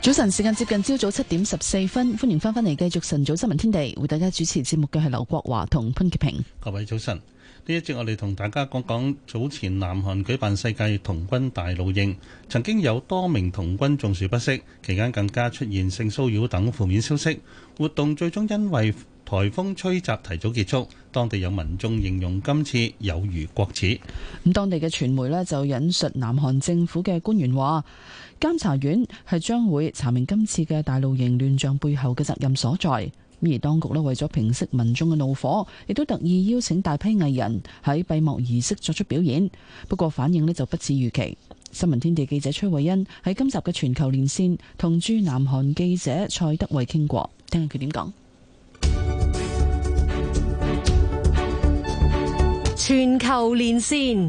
早晨時間接近朝早七點十四分，歡迎翻返嚟繼續晨早新聞天地，為大家主持節目嘅係劉國華同潘潔平。各位早晨，呢一節我哋同大家講講早前南韓舉辦世界童軍大露營，曾經有多名童軍中暑不適，期間更加出現性騷擾等負面消息，活動最終因為。颱風吹襲提早結束，當地有民眾形容今次有如國恥。咁當地嘅傳媒咧就引述南韓政府嘅官員話，監察院係將會查明今次嘅大露營亂象背後嘅責任所在。而當局咧為咗平息民眾嘅怒火，亦都特意邀請大批藝人喺閉幕儀式作出表演。不過反應咧就不似預期。新聞天地記者崔慧恩喺今集嘅全球連線同駐南韓記者蔡德偉傾過，聽下佢點講。全球連線。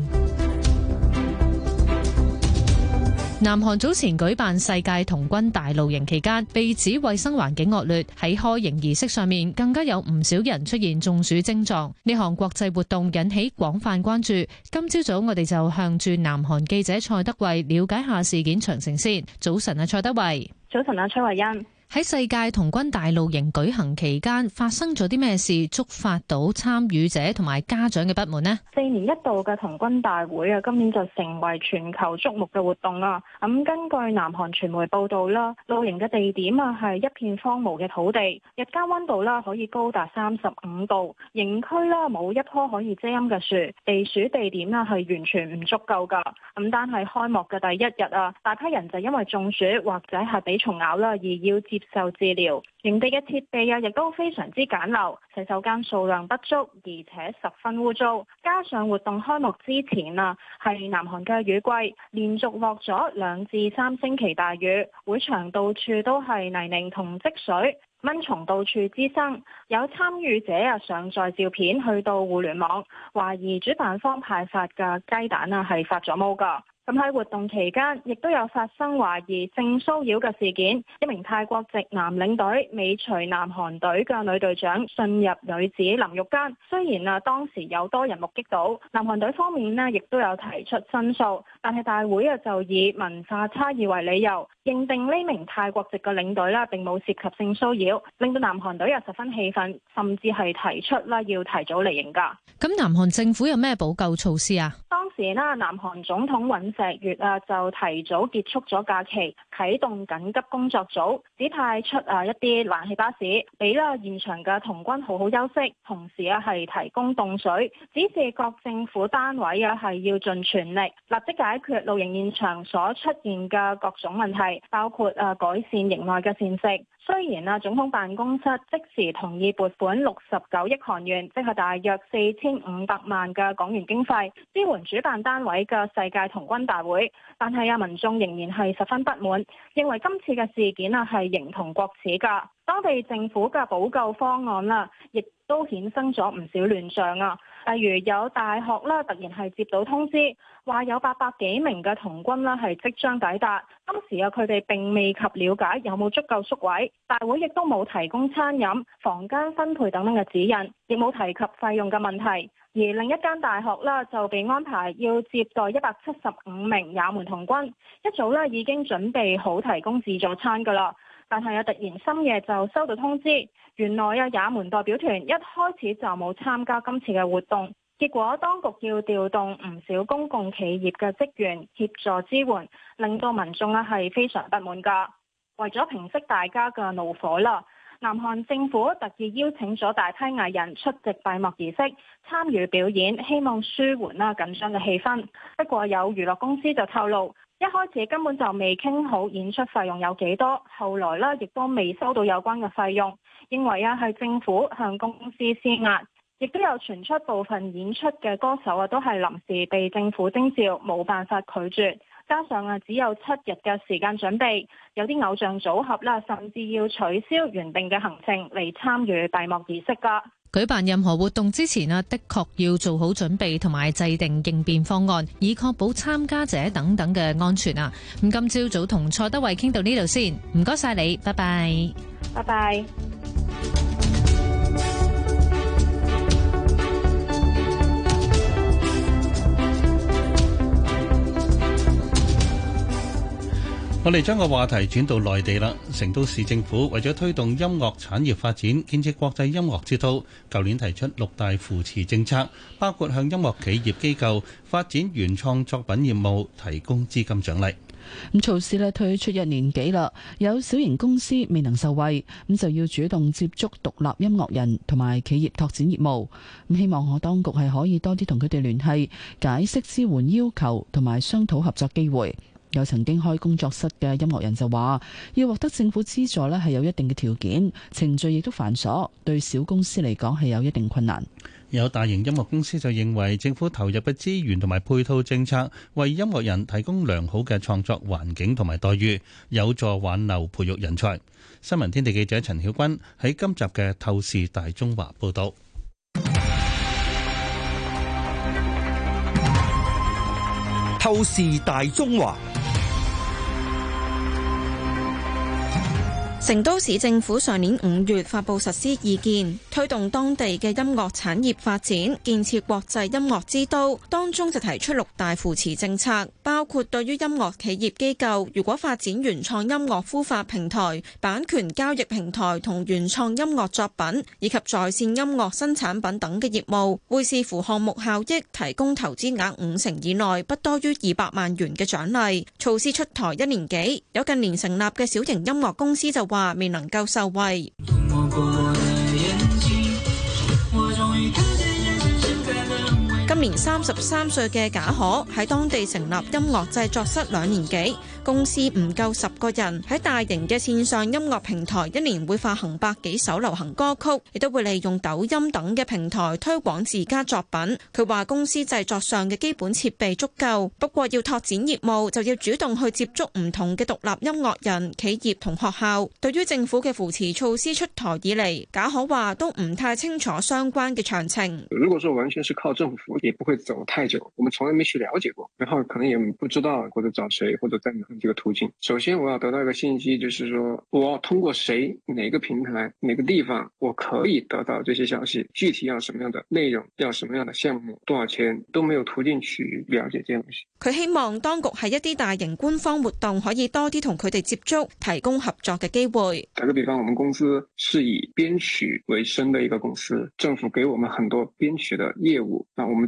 南韓早前舉辦世界童軍大露營期間，被指衛生環境惡劣。喺開營儀式上面，更加有唔少人出現中暑症狀。呢項國際活動引起廣泛關注。今朝早，早，我哋就向住南韓記者蔡德慧了解下事件詳情先。早晨啊，蔡德慧。早晨啊，崔慧恩。喺世界童軍大露營舉行期間，發生咗啲咩事觸發到參與者同埋家長嘅不滿呢？四年一度嘅童軍大會啊，今年就成為全球矚目嘅活動啦。咁根據南韓傳媒報道啦，露營嘅地點啊係一片荒蕪嘅土地，日間溫度啦可以高達三十五度，營區啦冇一棵可以遮陰嘅樹，避暑地點啊係完全唔足夠噶。咁單係開幕嘅第一日啊，大批人就因為中暑或者係俾蟲咬啦而要接。受治療，營地嘅設備啊，亦都非常之簡陋，洗手間數量不足，而且十分污糟。加上活動開幕之前啊，係南韓嘅雨季，連續落咗兩至三星期大雨，會場到處都係泥濘同積水，蚊蟲到處滋生。有參與者啊，上載照片去到互聯網，懷疑主辦方派發嘅雞蛋啊，係發咗毛㗎。咁喺活動期間，亦都有發生懷疑性騷擾嘅事件。一名泰國籍男領隊尾隨南韓隊嘅女隊長進入女子淋浴間，雖然啊當時有多人目擊到，南韓隊方面咧亦都有提出申訴，但係大會啊就以文化差異為理由，認定呢名泰國籍嘅領隊啦並冇涉及性騷擾，令到南韓隊又十分氣憤，甚至係提出啦要提早離營㗎。咁南韓政府有咩補救措施啊？當時咧，南韓總統尹石月啊，就提早結束咗假期，啟動緊急工作組，指派出啊一啲冷氣巴士，俾啦現場嘅童軍好好休息，同時啊係提供凍水，指示各政府單位啊係要盡全力，立即解決露營現場所出現嘅各種問題，包括啊改善營內嘅膳食。雖然啊，總統辦公室即時同意撥款六十九億韓元，即係大約四千五百萬嘅港元經費支援主辦單位嘅世界童軍大會，但係啊，民眾仍然係十分不滿，認為今次嘅事件啊係形同國恥噶。當地政府嘅補救方案啦，亦都衍生咗唔少亂象啊。例如有大學啦，突然係接到通知，話有八百幾名嘅童軍啦，係即將抵達。當時啊，佢哋並未及了解有冇足夠宿位，大會亦都冇提供餐飲、房間分配等等嘅指引，亦冇提及費用嘅問題。而另一間大學啦，就被安排要接待一百七十五名也門童軍，一早咧已經準備好提供自助餐㗎喇。但係又突然深夜就收到通知，原來啊也門代表團一開始就冇參加今次嘅活動，結果當局要調動唔少公共企業嘅職員協助支援，令到民眾啊係非常不滿噶。為咗平息大家嘅怒火啦，南韓政府特意邀請咗大批藝人出席閉幕儀式，參與表演，希望舒緩啦緊張嘅氣氛。不過有娛樂公司就透露。一開始根本就未傾好演出費用有幾多，後來呢亦都未收到有關嘅費用，認為啊係政府向公司施壓，亦都有傳出部分演出嘅歌手啊都係臨時被政府徵召，冇辦法拒絕，加上啊只有七日嘅時間準備，有啲偶像組合啦、啊、甚至要取消原定嘅行程嚟參與閉幕儀式噶。舉辦任何活動之前啊，的確要做好準備同埋制定應變方案，以確保參加者等等嘅安全啊！咁今朝早同蔡德偉傾到呢度先，唔該晒你，拜拜，拜拜。我哋將個話題轉到內地啦。成都市政府為咗推動音樂產業發展，建設國際音樂之都，舊年提出六大扶持政策，包括向音樂企業機構發展原創作品業務提供資金獎勵。咁措施呢，推出一年幾啦，有小型公司未能受惠，咁就要主動接觸獨立音樂人同埋企業拓展業務。咁希望我當局係可以多啲同佢哋聯繫，解釋支援要求同埋商討合作機會。有曾經開工作室嘅音樂人就話：要獲得政府資助咧，係有一定嘅條件，程序亦都繁瑣，對小公司嚟講係有一定困難。有大型音樂公司就認為，政府投入嘅資源同埋配套政策，為音樂人提供良好嘅創作環境同埋待遇，有助挽留培育人才。新聞天地記者陳曉君喺今集嘅《透視大中華》報導，《透視大中華》。成都市政府上年五月發布實施意見，推動當地嘅音樂產業發展，建設國際音樂之都。當中就提出六大扶持政策，包括對於音樂企業機構，如果發展原創音樂孵化平台、版權交易平台同原創音樂作品以及在線音樂新產品等嘅業務，會視乎項目效益，提供投資額五成以內不多於二百萬元嘅獎勵。措施出台一年幾，有近年成立嘅小型音樂公司就話未能夠受惠。 年三十三歲嘅賈可喺當地成立音樂製作室兩年幾，公司唔夠十個人，喺大型嘅線上音樂平台一年會發行百幾首流行歌曲，亦都會利用抖音等嘅平台推廣自家作品。佢話公司製作上嘅基本設備足夠，不過要拓展業務，就要主動去接觸唔同嘅獨立音樂人、企業同學校。對於政府嘅扶持措施出台以嚟，賈可話都唔太清楚相關嘅詳情。如果說完全是靠政府不會走太久，我們從來沒去了解過，然後可能也不知道或者找誰或者在哪這個途徑。首先，我要得到一個信息，就是說，我要通過誰、哪個平台、哪個地方，我可以得到這些消息。具體要什麼樣的內容，要什麼樣的項目，多少錢，都沒有途徑去了解這些東西。他希望當局喺一啲大型官方活動可以多啲同佢哋接觸，提供合作嘅機會。打個比方，我們公司是以編曲為生嘅一個公司，政府給我們很多編曲的業務，那我們。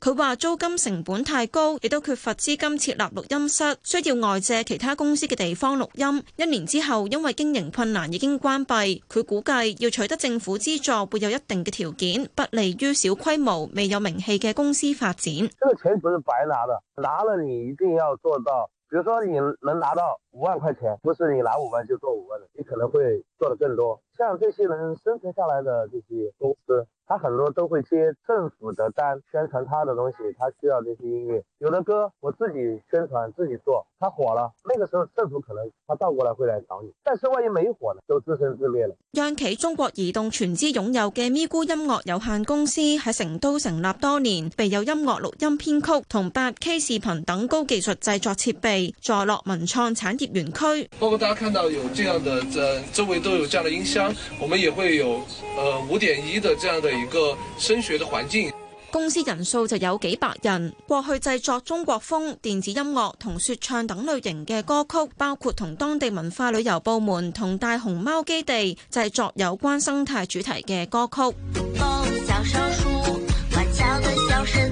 佢話租金成本太高，亦都缺乏資金設立錄音室，需要外借其他公司嘅地方錄音。一年之後，因為經營困難已經關閉。佢估計要取得政府資助會有一定嘅條件，不利於小規模未有名氣嘅公司發展。這個錢不是白拿的，拿了你一定要做到。比如說，你能拿到五萬塊錢，不是你拿五萬就做五萬的，你可能會。做的更多，像這些人生存下來的這些公司，他很多都會接政府的單，宣傳他的東西，他需要這些音樂。有了歌我自己宣傳自己做，他火了，那個時候政府可能他倒過來會來找你。但是萬一沒火呢，就自生自滅了。央企中國移動全資擁有嘅咪咕音樂有限公司喺成都成立多年，備有音樂錄音編曲同八 K 視頻等高技術製作設備，坐落文創產業園區。包括大家看到有這樣的，這周圍都。都有這樣的音箱，我們也會有，呃，五點一的這樣的一個聲學的環境。公司人數就有幾百人，過去製作中國風、電子音樂同說唱等類型嘅歌曲，包括同當地文化旅遊部門同大熊貓基地製作有關生態主題嘅歌曲。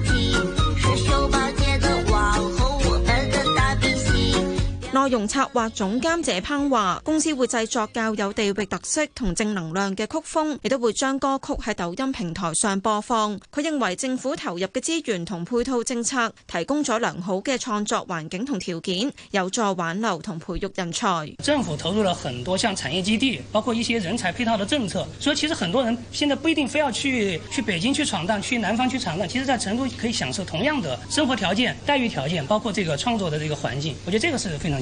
內容策劃總監謝鏗話，公司會製作較有地域特色同正能量嘅曲風，亦都會將歌曲喺抖音平台上播放。佢認為政府投入嘅資源同配套政策，提供咗良好嘅創作環境同條件，有助挽留同培育人才。政府投入了很多項產業基地，包括一些人才配套的政策，所以其實很多人現在不一定非要去去北京去闖蕩，去南方去闖蕩，其實在成都可以享受同樣的生活條件、待遇條件，包括這個創作的這個環境。我覺得這個是非常。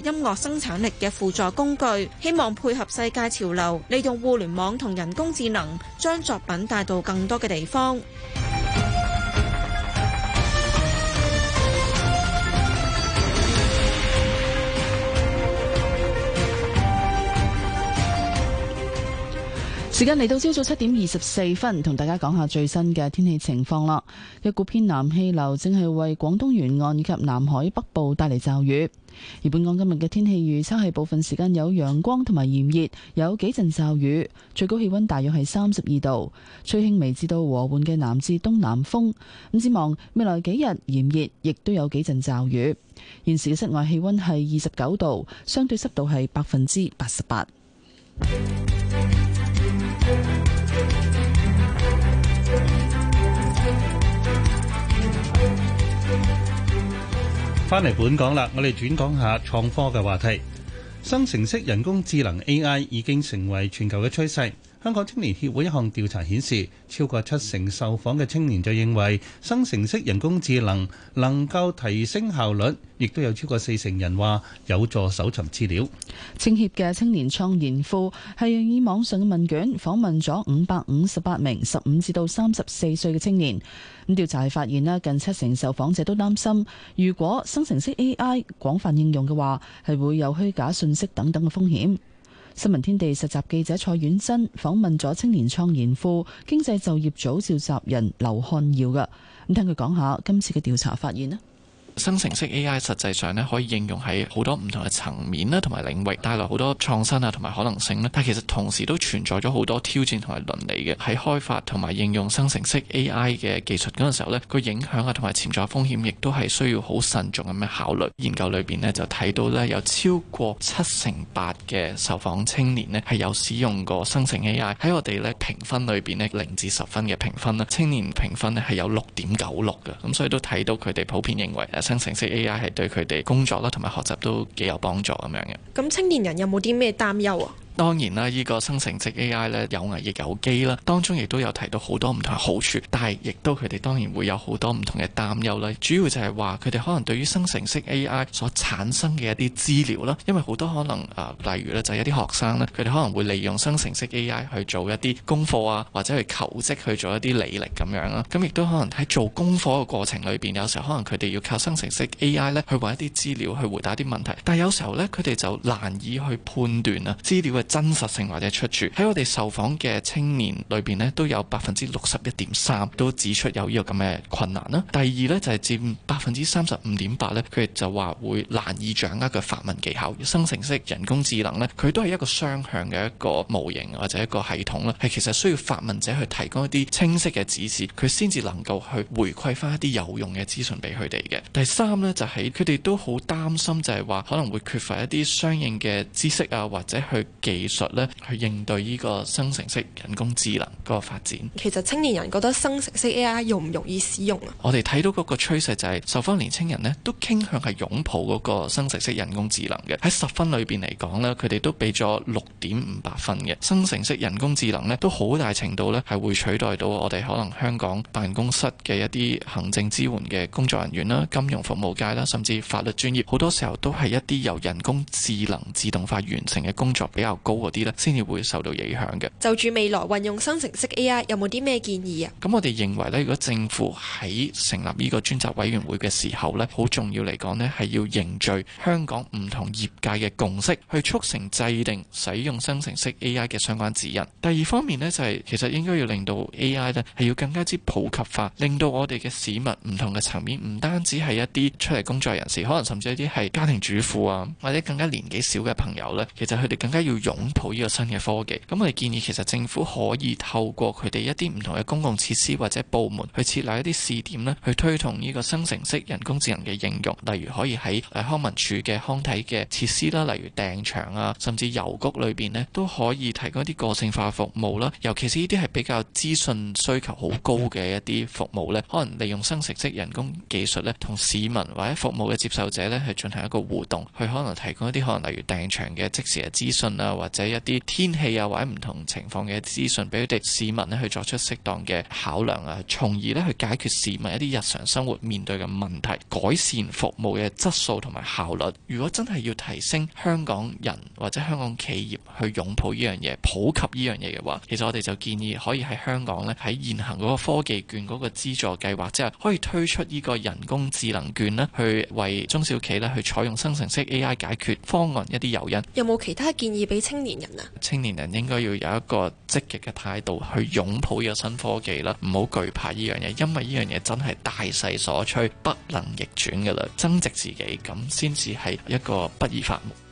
音樂生產力嘅輔助工具，希望配合世界潮流，利用互聯網同人工智能，將作品帶到更多嘅地方。時間嚟到朝早七點二十四分，同大家講下最新嘅天氣情況啦。一股偏南氣流正係為廣東沿岸以及南海北部帶嚟驟雨，而本港今日嘅天氣預測係部分時間有陽光同埋炎熱，有幾陣驟雨，最高氣溫大約係三十二度，吹輕微至到和緩嘅南至東南風。咁指望未來幾日炎熱，亦都有幾陣驟雨。現時室外氣溫係二十九度，相對濕度係百分之八十八。翻嚟本港啦，我哋轉講下創科嘅話題。生成式人工智能 AI 已經成為全球嘅趨勢。香港青年協會一項調查顯示，超過七成受訪嘅青年就認為，生成式人工智能能夠提升效率，亦都有超過四成人話有助搜尋資料。青協嘅青年創研庫係以網上問卷訪問咗五百五十八名十五至到三十四歲嘅青年。咁調查係發現咧，近七成受訪者都擔心，如果生成式 AI 廣泛應用嘅話，係會有虛假信息等等嘅風險。新聞天地實習記者蔡婉珍訪問咗青年創研庫經濟就業組召集人劉漢耀噶，咁聽佢講下今次嘅調查發現呢。生成式 AI 實際上咧可以應用喺好多唔同嘅層面啦，同埋領域帶來好多創新啊，同埋可能性咧。但其實同時都存在咗好多挑戰同埋倫理嘅喺開發同埋應用生成式 AI 嘅技術嗰陣時候咧，個影響啊同埋潛在風險亦都係需要好慎重咁樣考慮。研究裏邊咧就睇到咧有超過七成八嘅受訪青年咧係有使用過生成 AI 喺我哋咧評分裏邊咧零至十分嘅評分啦，青年評分咧係有六點九六嘅，咁所以都睇到佢哋普遍認為生成式 AI 係對佢哋工作啦，同埋學習都幾有幫助咁樣嘅。咁青年人有冇啲咩擔憂啊？當然啦，呢個生成式 AI 咧有危亦有機啦，當中亦都有提到好多唔同嘅好處，但係亦都佢哋當然會有好多唔同嘅擔憂啦。主要就係話佢哋可能對於生成式 AI 所產生嘅一啲資料啦，因為好多可能啊、呃，例如咧就係一啲學生啦，佢哋可能會利用生成式 AI 去做一啲功課啊，或者去求職去做一啲履歷咁樣啦、啊。咁亦都可能喺做功課嘅過程裏邊，有時候可能佢哋要靠生成式 AI 咧去揾一啲資料去回答一啲問題，但係有時候咧佢哋就難以去判斷啊資料真實性或者出處。喺我哋受訪嘅青年裏邊咧，都有百分之六十一點三都指出有呢個咁嘅困難啦，啊。第二咧就係佔百分之三十五點八咧，佢哋就話會難以掌握嘅發問技巧。生成式人工智能咧，佢都係一個雙向嘅一個模型或者一個系統啦，係其實需要發問者去提供一啲清晰嘅指示，佢先至能夠去回饋翻一啲有用嘅資訊俾佢哋嘅。第三咧就係佢哋都好擔心，就係話可能會缺乏一啲相應嘅知識啊，或者去。技術咧去應對呢個生成式人工智能嗰個發展。其實青年人覺得生成式 AI 容唔容易使用啊？我哋睇到嗰個趨勢就係受訪年青人咧都傾向係擁抱嗰個生成式人工智能嘅。喺十分裏邊嚟講咧，佢哋都俾咗六點五百分嘅生成式人工智能咧都好大程度咧係會取代到我哋可能香港辦公室嘅一啲行政支援嘅工作人員啦、金融服務界啦，甚至法律專業，好多時候都係一啲由人工智能自動化完成嘅工作比較。高嗰啲咧，先至會受到影響嘅。就住未來運用生成式 A.I. 有冇啲咩建議啊？咁我哋認為咧，如果政府喺成立呢個專責委員會嘅時候咧，好重要嚟講咧，係要凝聚香港唔同業界嘅共識，去促成制定使用生成式 A.I. 嘅相關指引。第二方面咧，就係、是、其實應該要令到 A.I. 咧係要更加之普及化，令到我哋嘅市民唔同嘅層面，唔單止係一啲出嚟工作人士，可能甚至一啲係家庭主婦啊，或者更加年紀小嘅朋友咧，其實佢哋更加要用。擁抱呢個新嘅科技，咁我哋建議其實政府可以透過佢哋一啲唔同嘅公共設施或者部門去設立一啲試點咧，去推動呢個生成式人工智能嘅應用，例如可以喺康文署嘅康體嘅設施啦，例如訂場啊，甚至郵局裏邊咧都可以提供一啲個性化服務啦。尤其是呢啲係比較資訊需求好高嘅一啲服務咧，可能利用生成式人工技術咧，同市民或者服務嘅接受者咧，去進行一個互動，去可能提供一啲可能例如訂場嘅即時嘅資訊啊。或者一啲天氣啊，或者唔同情況嘅資訊俾佢哋市民咧去作出適當嘅考量啊，從而咧去解決市民一啲日常生活面對嘅問題，改善服務嘅質素同埋效率。如果真係要提升香港人或者香港企業去擁抱呢樣嘢，普及呢樣嘢嘅話，其實我哋就建議可以喺香港咧，喺現行嗰個科技券嗰個資助計劃，即係可以推出呢個人工智能券咧，去為中小企咧去採用生成式 AI 解決方案一啲誘因，有冇其他建議俾？青年人啊，青年人應該要有一個積極嘅態度去擁抱呢個新科技啦，唔好懼怕呢樣嘢，因為呢樣嘢真係大勢所趨，不能逆轉㗎喇，增值自己咁先至係一個不二法門。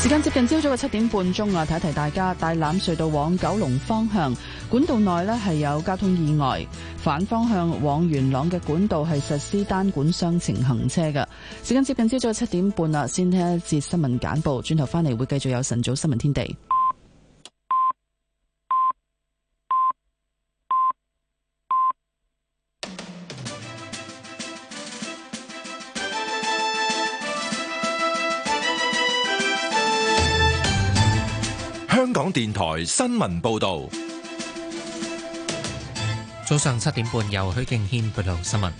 時間接近朝早嘅七點半鐘啊，提一提大家，大欖隧道往九龍方向管道內呢係有交通意外，反方向往元朗嘅管道係實施單管雙程行車㗎。時間接近朝早嘅七點半啦，先聽一節新聞簡報，轉頭翻嚟會繼續有晨早新聞天地。香港電台新聞報道，早上七點半由許敬軒報道新聞。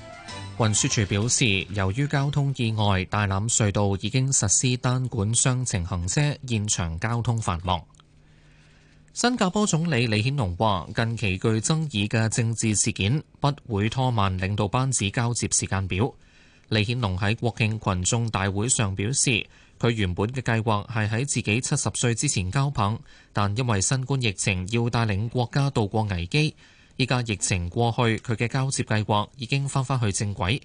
運輸處表示，由於交通意外，大欖隧道已經實施單管雙程行車，現場交通繁忙。新加坡總理李顯龍話：近期具爭議嘅政治事件不會拖慢領導班子交接時間表。李顯龍喺國慶群眾大會上表示。佢原本嘅計劃係喺自己七十歲之前交棒，但因為新冠疫情要帶領國家渡過危機，依家疫情過去，佢嘅交接計劃已經翻返去正軌。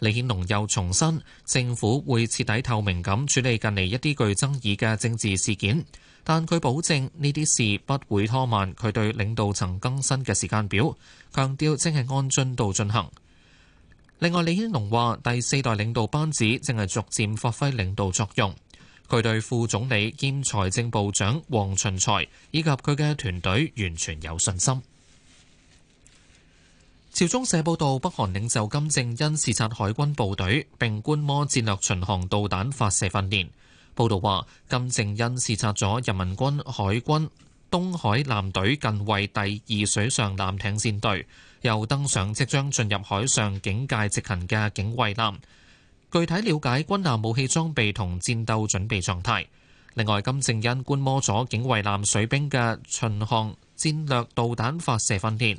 李顯龍又重申，政府會徹底透明咁處理近嚟一啲具爭議嘅政治事件，但佢保證呢啲事不會拖慢佢對領導層更新嘅時間表，強調即係按進度進行。另外，李顯龍話第四代領導班子正係逐漸發揮領導作用。佢對副總理兼財政部長黃循財以及佢嘅團隊完全有信心。朝中社報道，北韓領袖金正恩視察海軍部隊並觀摩戰略巡航導彈發射訓練。報道話，金正恩視察咗人民軍海軍東海艦隊近衛第二水上艦艇戰隊。又登上即將進入海上警戒執勤嘅警衛艦。具體了解軍艦武器裝備同戰鬥準備狀態。另外，金正恩觀摩咗警衛艦水兵嘅巡航戰略導彈發射訓練。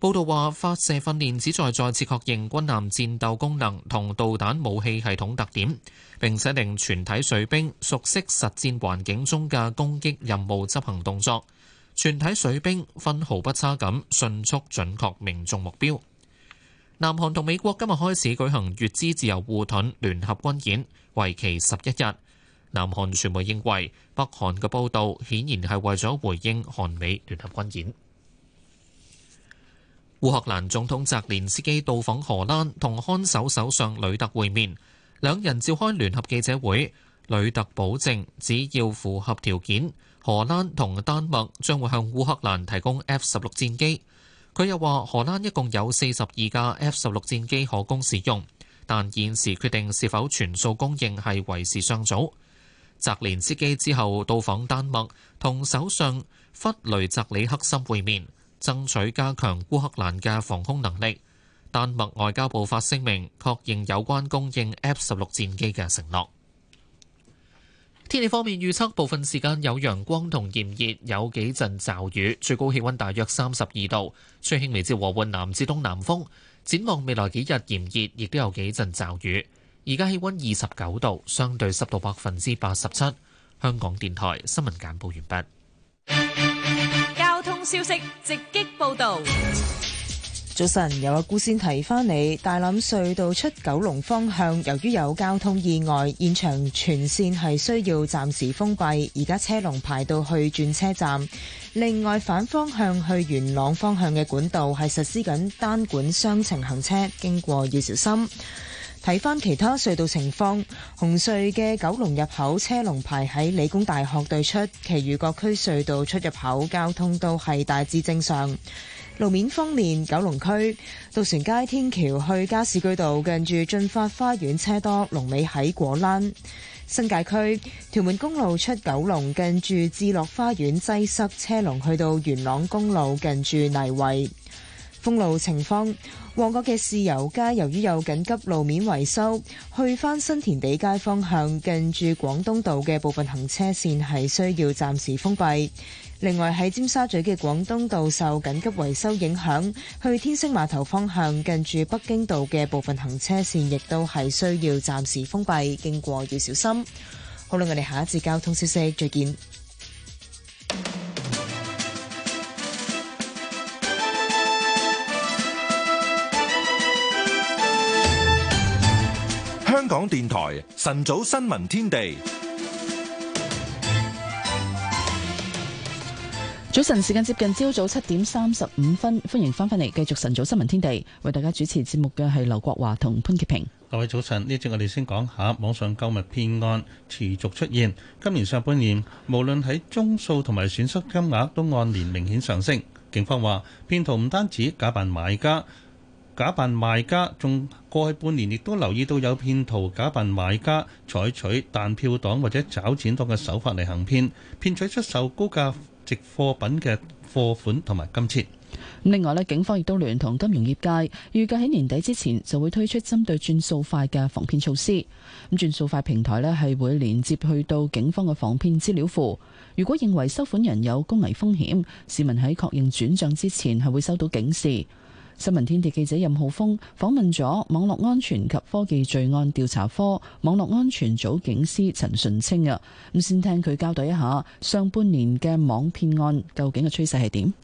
報道話，發射訓練旨在再次確認軍艦戰鬥功能同導彈武器系統特點，並且令全體水兵熟悉實戰環境中嘅攻擊任務執行動作。全體水兵分毫不差咁，迅速準確命中目標。南韓同美國今日開始舉行乙支自由護盾聯合軍演，為期十一日。南韓傳媒認為北韓嘅報道顯然係為咗回應韓美聯合軍演。烏克蘭總統澤連斯基到訪荷蘭同看守首相呂特會面，兩人召開聯合記者會，呂特保證只要符合條件。荷蘭同丹麥將會向烏克蘭提供 F 十六戰機。佢又話荷蘭一共有四十二架 F 十六戰機可供使用，但現時決定是否全數供應係為時尚早。澤連斯基之後到訪丹麥，同首相弗雷澤里克森會面，爭取加強烏克蘭嘅防空能力。丹麥外交部發聲明確認有關供應 F 十六戰機嘅承諾。天氣方面預測，部分時間有陽光同炎熱，有幾陣驟雨，最高氣温大約三十二度，吹輕微至和緩南至東南風。展望未來幾日炎熱，亦都有幾陣驟雨。而家氣温二十九度，相對濕度百分之八十七。香港電台新聞簡報完畢。交通消息直擊報道。早晨，有個事故先提翻你，大欖隧道出九龍方向，由於有交通意外，現場全線係需要暫時封閉，而家車龍排到去轉車站。另外反方向去元朗方向嘅管道係實施緊單管雙程行車，經過要小心。睇翻其他隧道情況，紅隧嘅九龍入口車龍排喺理工大學對出，其餘各區隧道出入口交通都係大致正常。路面方面，九龍區渡船街天橋去加士居道近住駿發花園車多，龍尾喺果欄；新界區屯門公路出九龍近住智樂花園擠塞，車龍去到元朗公路近住泥圍。封路情況，旺角嘅豉油街由於有緊急路面維修，去返新田地街方向近住廣東道嘅部分行車線係需要暫時封閉。另外喺尖沙咀嘅廣東道受緊急維修影響，去天星碼頭方向近住北京道嘅部分行車線，亦都係需要暫時封閉，經過要小心。好啦，我哋下一節交通消息再見。香港電台晨早新聞天地。早晨，時間接近朝早七點三十五分，歡迎翻返嚟繼續晨早新聞天地。為大家主持節目嘅係劉國華同潘潔平。各位早晨，呢一節我哋先講下網上購物騙案持續出現，今年上半年，無論喺宗數同埋損失金額都按年明顯上升。警方話，騙徒唔單止假扮買家、假扮賣家，仲過去半年亦都留意到有騙徒假扮買家採取彈票黨或者找錢黨嘅手法嚟行騙，騙取出售高價值貨品嘅貨款同埋金錢。另外呢，警方亦都聯同金融業界，預計喺年底之前就會推出針對轉數快嘅防騙措施。咁轉數快平台呢係會連接去到警方嘅防騙資料庫。如果認為收款人有高危風險，市民喺確認轉賬之前係會收到警示。新聞天地記者任浩峰訪問咗網絡安全及科技罪案調查科網絡安全組警司陳順清啊，咁先聽佢交代一下上半年嘅網騙案究竟嘅趨勢係點。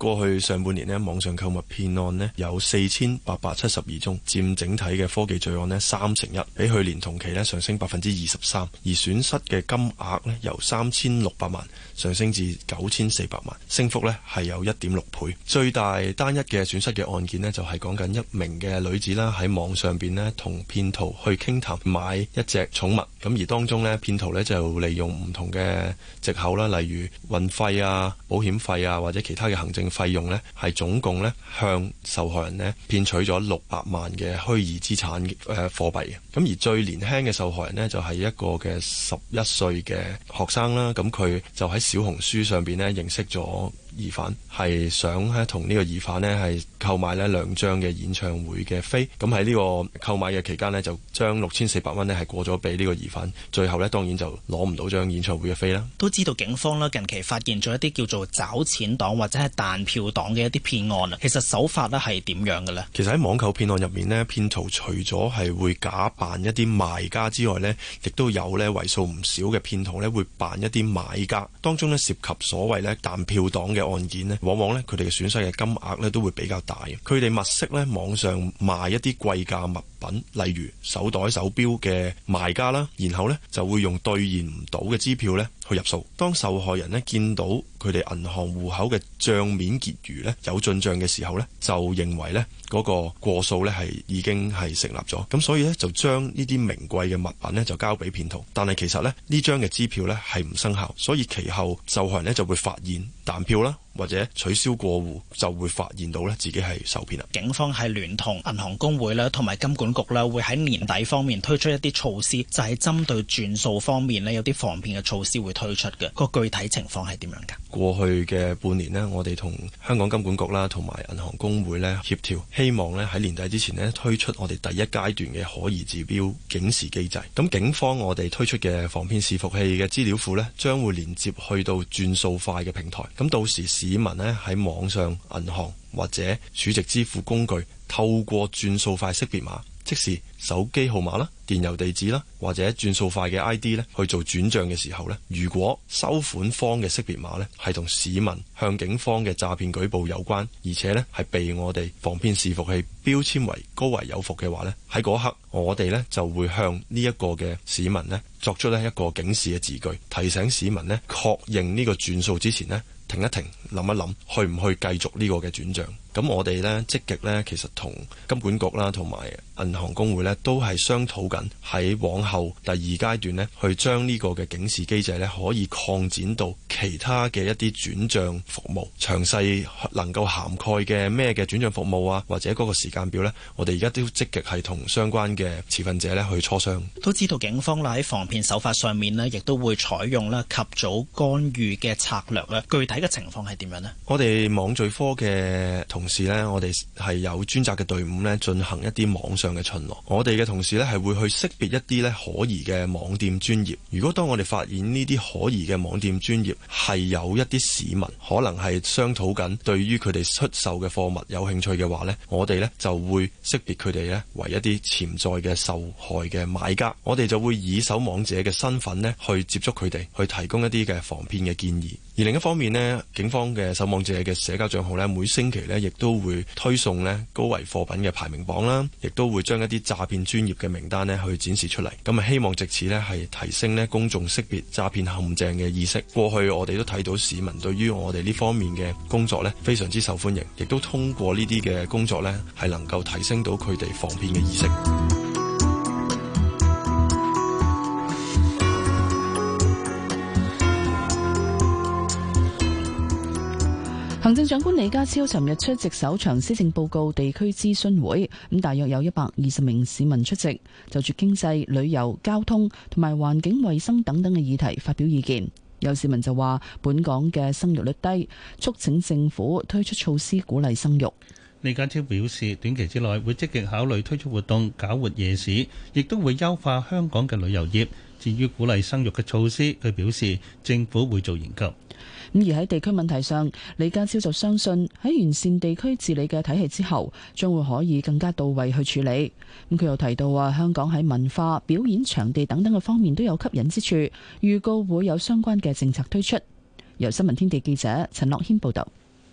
過去上半年咧，網上購物騙案咧有四千八百七十二宗，佔整體嘅科技罪案咧三成一，比去年同期咧上升百分之二十三，而損失嘅金額咧由三千六百萬上升至九千四百萬，升幅咧係有一點六倍。最大單一嘅損失嘅案件咧就係講緊一名嘅女子啦喺網上邊咧同騙徒去傾談談買一隻寵物，咁而當中咧騙徒咧就利用唔同嘅藉口啦，例如運費啊、保險費啊或者其他嘅行政。費用呢係總共呢向受害人呢騙取咗六百萬嘅虛擬資產，誒貨幣嘅。咁而最年輕嘅受害人呢，就係一個嘅十一歲嘅學生啦，咁佢就喺小紅書上邊呢認識咗。疑犯係想喺同呢個疑犯呢係購買呢兩張嘅演唱會嘅飛，咁喺呢個購買嘅期間呢就將六千四百蚊呢係過咗俾呢個疑犯，最後呢，當然就攞唔到張演唱會嘅飛啦。都知道警方呢近期發現咗一啲叫做找錢黨或者係彈票黨嘅一啲騙案啊，其實手法呢係點樣嘅呢？其實喺網購騙案入面呢騙徒除咗係會假扮一啲賣家之外呢亦都有呢為數唔少嘅騙徒呢會扮一啲買家，當中呢涉及所謂呢彈票黨嘅。案件呢，往往呢，佢哋嘅損失嘅金額呢，都會比較大。佢哋物色呢網上賣一啲貴價物品，例如手袋、手錶嘅賣家啦，然後呢就會用兌現唔到嘅支票呢。去入數，當受害人呢見到佢哋銀行戶口嘅賬面結餘呢有進賬嘅時候呢，就認為呢嗰個過數呢係已經係成立咗，咁所以呢，就將呢啲名貴嘅物品呢就交俾騙徒，但係其實呢呢張嘅支票呢係唔生效，所以其後受害人呢就會發現彈票啦。或者取消過戶，就會發現到咧自己係受騙啦。警方係聯同銀行工會咧，同埋金管局咧，會喺年底方面推出一啲措施，就係針對轉數方面咧有啲防騙嘅措施會推出嘅。個具體情況係點樣噶？過去嘅半年咧，我哋同香港金管局啦，同埋銀行工會咧協調，希望咧喺年底之前咧推出我哋第一階段嘅可疑指標警示機制。咁警方我哋推出嘅防騙伺服器嘅資料庫咧，將會連接去到轉數快嘅平台。咁到時。市民咧喺網上銀行或者儲值支付工具透過轉數快識別碼，即係手機號碼啦、電郵地址啦，或者轉數快嘅 ID 咧去做轉賬嘅時候咧，如果收款方嘅識別碼咧係同市民向警方嘅詐騙舉報有關，而且咧係被我哋防騙視伏器標籤為高危有伏嘅話咧，喺嗰刻我哋咧就會向呢一個嘅市民咧作出咧一個警示嘅字句，提醒市民咧確認呢個轉數之前咧，停一停，諗一諗，去唔去繼續呢個嘅轉賬。咁我哋呢積極呢，其實同金管局啦，同埋銀行公會呢，都係商討緊喺往後第二階段呢，去將呢個嘅警示機制呢，可以擴展到其他嘅一啲轉賬服務。詳細能夠涵蓋嘅咩嘅轉賬服務啊，或者嗰個時間表呢，我哋而家都積極係同相關嘅持份者呢去磋商。都知道警方啦，喺防騙手法上面呢，亦都會採用啦及早干預嘅策略咧。具體嘅情況係點樣呢？我哋網罪科嘅。同時呢，我哋係有專責嘅隊伍咧，進行一啲網上嘅巡邏。我哋嘅同事咧，係會去識別一啲咧可疑嘅網店專業。如果當我哋發現呢啲可疑嘅網店專業係有一啲市民可能係商討緊，對於佢哋出售嘅貨物有興趣嘅話呢，我哋呢就會識別佢哋咧為一啲潛在嘅受害嘅買家。我哋就會以守網者嘅身份咧去接觸佢哋，去提供一啲嘅防騙嘅建議。而另一方面咧，警方嘅守網者嘅社交賬號咧，每星期咧亦亦都都會推送呢高危貨品嘅排名榜啦，亦都會將一啲詐騙專業嘅名單呢去展示出嚟，咁啊希望藉此呢，係提升呢公眾識別詐騙陷阱嘅意識。過去我哋都睇到市民對於我哋呢方面嘅工作呢非常之受歡迎，亦都通過呢啲嘅工作呢，係能夠提升到佢哋防騙嘅意識。行政長官李家超尋日出席首場施政報告地區諮詢會，咁大約有一百二十名市民出席，就住經濟、旅遊、交通同埋環境衛生等等嘅議題發表意見。有市民就話，本港嘅生育率低，促請政府推出措施鼓勵生育。李家超表示，短期之內會積極考慮推出活動搞活夜市，亦都會優化香港嘅旅遊業，至於鼓勵生育嘅措施，佢表示政府會做研究。咁而喺地區問題上，李家超就相信喺完善地區治理嘅體系之後將會可以更加到位去處理。咁佢又提到話香港喺文化、表演場地等等嘅方面都有吸引之處，預告會有相關嘅政策推出。由新聞天地記者陳樂謙報道。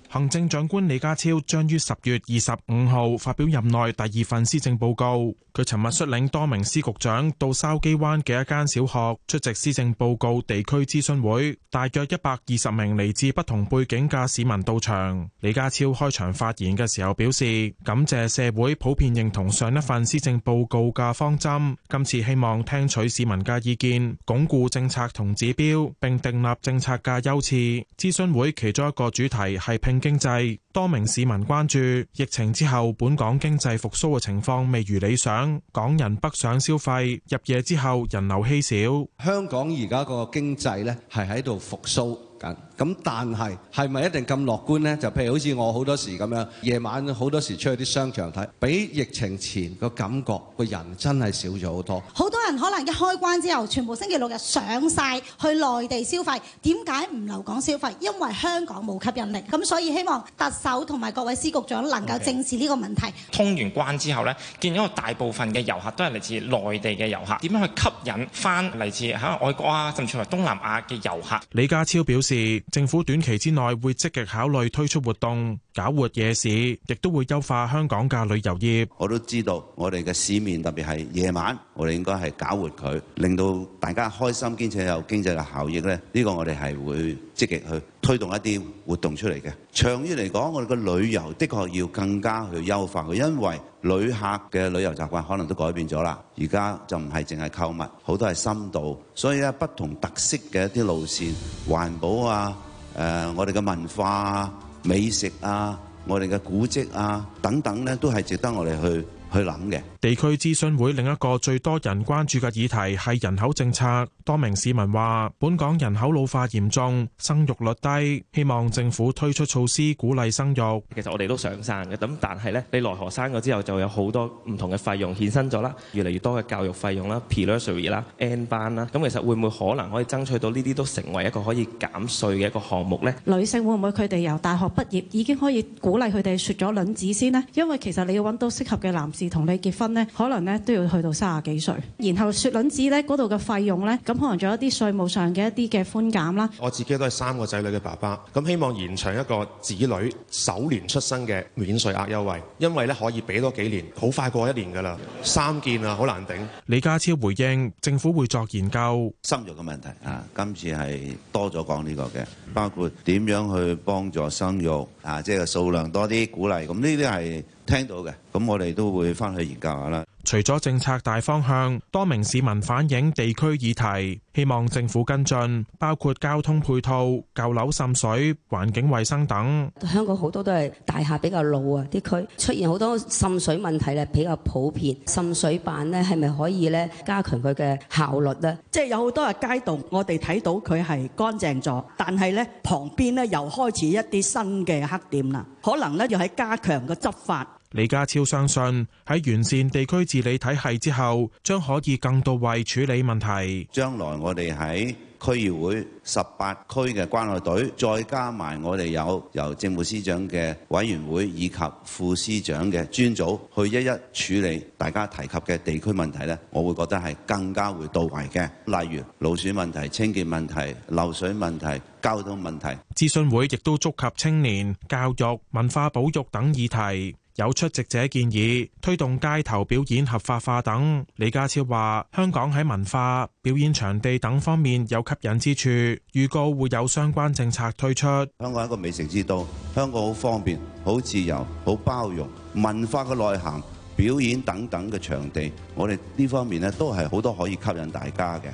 行政長官李家超將於十月二十五號發表任內第二份施政報告。佢尋日率領多名司局長到筲箕灣嘅一間小學出席施政報告地區諮詢會，大約一百二十名嚟自不同背景嘅市民到場。李家超開場發言嘅時候表示，感謝社會普遍認同上一份施政報告嘅方針，今次希望聽取市民嘅意見，鞏固政策同指標，並訂立政策嘅優次。諮詢會其中一個主題係聘。經濟，多名市民關注疫情之後，本港經濟復蘇嘅情況未如理想。港人北上消費，入夜之後人流稀少。香港而家個經濟呢係喺度復蘇緊。咁但係係咪一定咁樂觀呢？就譬如好似我好多時咁樣，夜晚好多時出去啲商場睇，比疫情前個感覺，個人真係少咗好多。好多人可能一開關之後，全部星期六日上晒去內地消費，點解唔留港消費？因為香港冇吸引力。咁所以希望特首同埋各位司局長能夠正視呢個問題。通完關之後呢，見到大部分嘅遊客都係嚟自內地嘅遊客，點樣去吸引翻嚟自喺外國啊，甚至乎東南亞嘅遊客？李家超表示。政府短期之內會積極考慮推出活動。搞活夜市，亦都會優化香港嘅旅遊業。我都知道，我哋嘅市面特別係夜晚，我哋應該係搞活佢，令到大家開心兼且有經濟嘅效益咧。呢個我哋係會積極去推動一啲活動出嚟嘅。長遠嚟講，我哋嘅旅遊的確要更加去優化佢，因為旅客嘅旅遊習慣可能都改變咗啦。而家就唔係淨係購物，好多係深度，所以咧不同特色嘅一啲路線、環保啊、誒，我哋嘅文化啊。美食啊，我哋嘅古蹟啊，等等咧，都係值得我哋去去諗嘅。地區諮詢會另一個最多人關注嘅議題係人口政策。多名市民話，本港人口老化嚴重，生育率低，希望政府推出措施鼓勵生育。其實我哋都想生嘅，咁但係咧，你來河生咗之後，就有好多唔同嘅費用衍生咗啦，越嚟越多嘅教育費用啦，pre-nursery 啦，N 班啦，咁其實會唔會可能可以爭取到呢啲都成為一個可以減稅嘅一個項目呢？女性會唔會佢哋由大學畢業已經可以鼓勵佢哋雪咗卵子先呢？因為其實你要揾到適合嘅男士同你結婚。可能咧都要去到三十幾歲，然後雪卵子咧嗰度嘅費用咧，咁可能仲有一啲稅務上嘅一啲嘅寬減啦。我自己都係三個仔女嘅爸爸，咁希望延長一個子女首年出生嘅免稅額優惠，因為咧可以俾多幾年，好快過一年㗎喇，三件啊，好難頂。李家超回應政府會作研究生育嘅問題啊，今次係多咗講呢個嘅，包括點樣去幫助生育啊，即係個數量多啲，鼓勵咁呢啲係。聽到嘅，咁我哋都會翻去研究下啦。除咗政策大方向，多名市民反映地區議題，希望政府跟進，包括交通配套、舊樓滲水、環境衞生等。香港好多都係大廈比較老啊，啲區出現好多滲水問題咧，比較普遍。滲水辦咧係咪可以咧加強佢嘅效率咧？即係有好多嘅街道，我哋睇到佢係乾淨咗，但係咧旁邊咧又開始一啲新嘅黑點啦。可能咧要喺加強個執法。李家超相信喺完善地區治理體系之後，將可以更到位處理問題。將來我哋喺區議會、十八區嘅關愛隊，再加埋我哋有由政務司長嘅委員會以及副司長嘅專組去一一處理大家提及嘅地區問題咧，我會覺得係更加會到位嘅。例如老鼠問題、清潔問題、漏水問題、交通問題。諮詢會亦都觸及青年教育、文化保育等議題。有出席者建議推動街頭表演合法化等。李家超話：香港喺文化、表演場地等方面有吸引之處，預告會有相關政策推出。香港係一個美食之都，香港好方便、好自由、好包容，文化嘅內涵、表演等等嘅場地，我哋呢方面呢都係好多可以吸引大家嘅。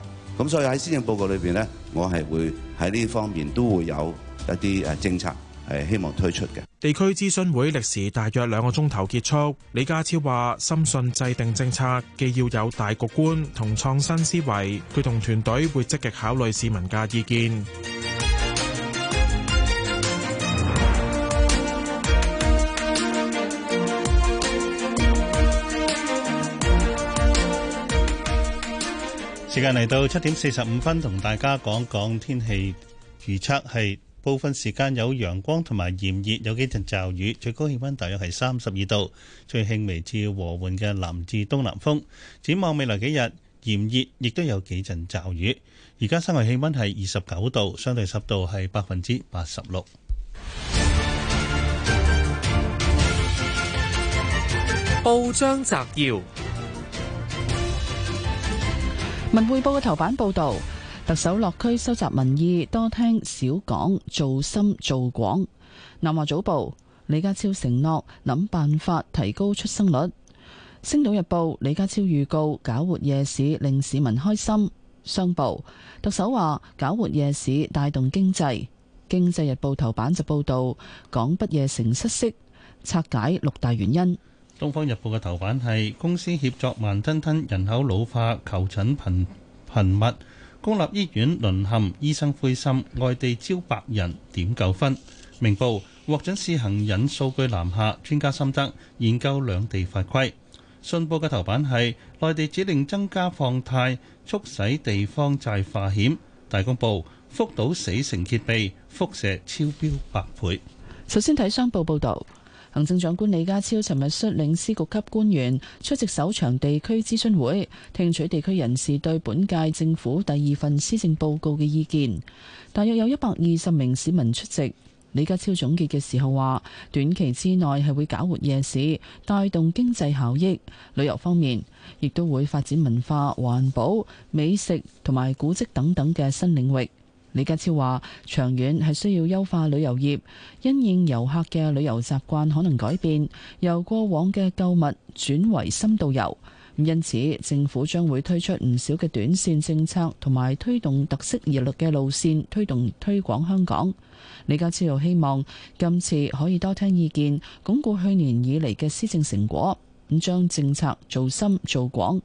咁所以喺施政報告裏邊呢我係會喺呢方面都會有一啲誒政策。係希望推出嘅。地區諮詢會歷時大約兩個鐘頭結束。李家超話，深信制定政策既要有大局觀同創新思維，佢同團隊會積極考慮市民嘅意見。時間嚟到七點四十五分，同大家講講天氣預測係。部分時間有陽光同埋炎熱，有幾陣驟雨，最高氣溫大約係三十二度，吹輕微至和緩嘅南至東南風。展望未來幾日，炎熱亦都有幾陣驟雨。而家室外氣溫係二十九度，相對濕度係百分之八十六。報章摘要，文匯報嘅頭版報道。特首落區收集民意，多聽少講，做深做廣。南華早報，李家超承諾，諗辦法提高出生率。星島日報，李家超預告，搞活夜市令市民開心。商報，特首話，搞活夜市帶動經濟。經濟日報頭版就報導，港不夜城失色，拆解六大原因。《東方日報》嘅頭版係公司協作慢吞吞，人口老化求診頻頻密。公立醫院淪陷醫生灰心，外地招百人，點九分。明報，獲准試行引數據南下，專家心得，研究兩地法規。行政長官李家超尋日率領司局級官員出席首場地區諮詢會，聽取地區人士對本屆政府第二份施政報告嘅意見。大約有一百二十名市民出席。李家超總結嘅時候話，短期之內係會搞活夜市，帶動經濟效益。旅遊方面，亦都會發展文化、環保、美食同埋古蹟等等嘅新領域。李家超話：長遠係需要優化旅遊業，因應遊客嘅旅遊習慣可能改變，由過往嘅購物轉為深度遊。因此，政府將會推出唔少嘅短線政策，同埋推動特色熱力嘅路線，推動推廣香港。李家超又希望今次可以多聽意見，鞏固去年以嚟嘅施政成果，咁將政策做深做廣。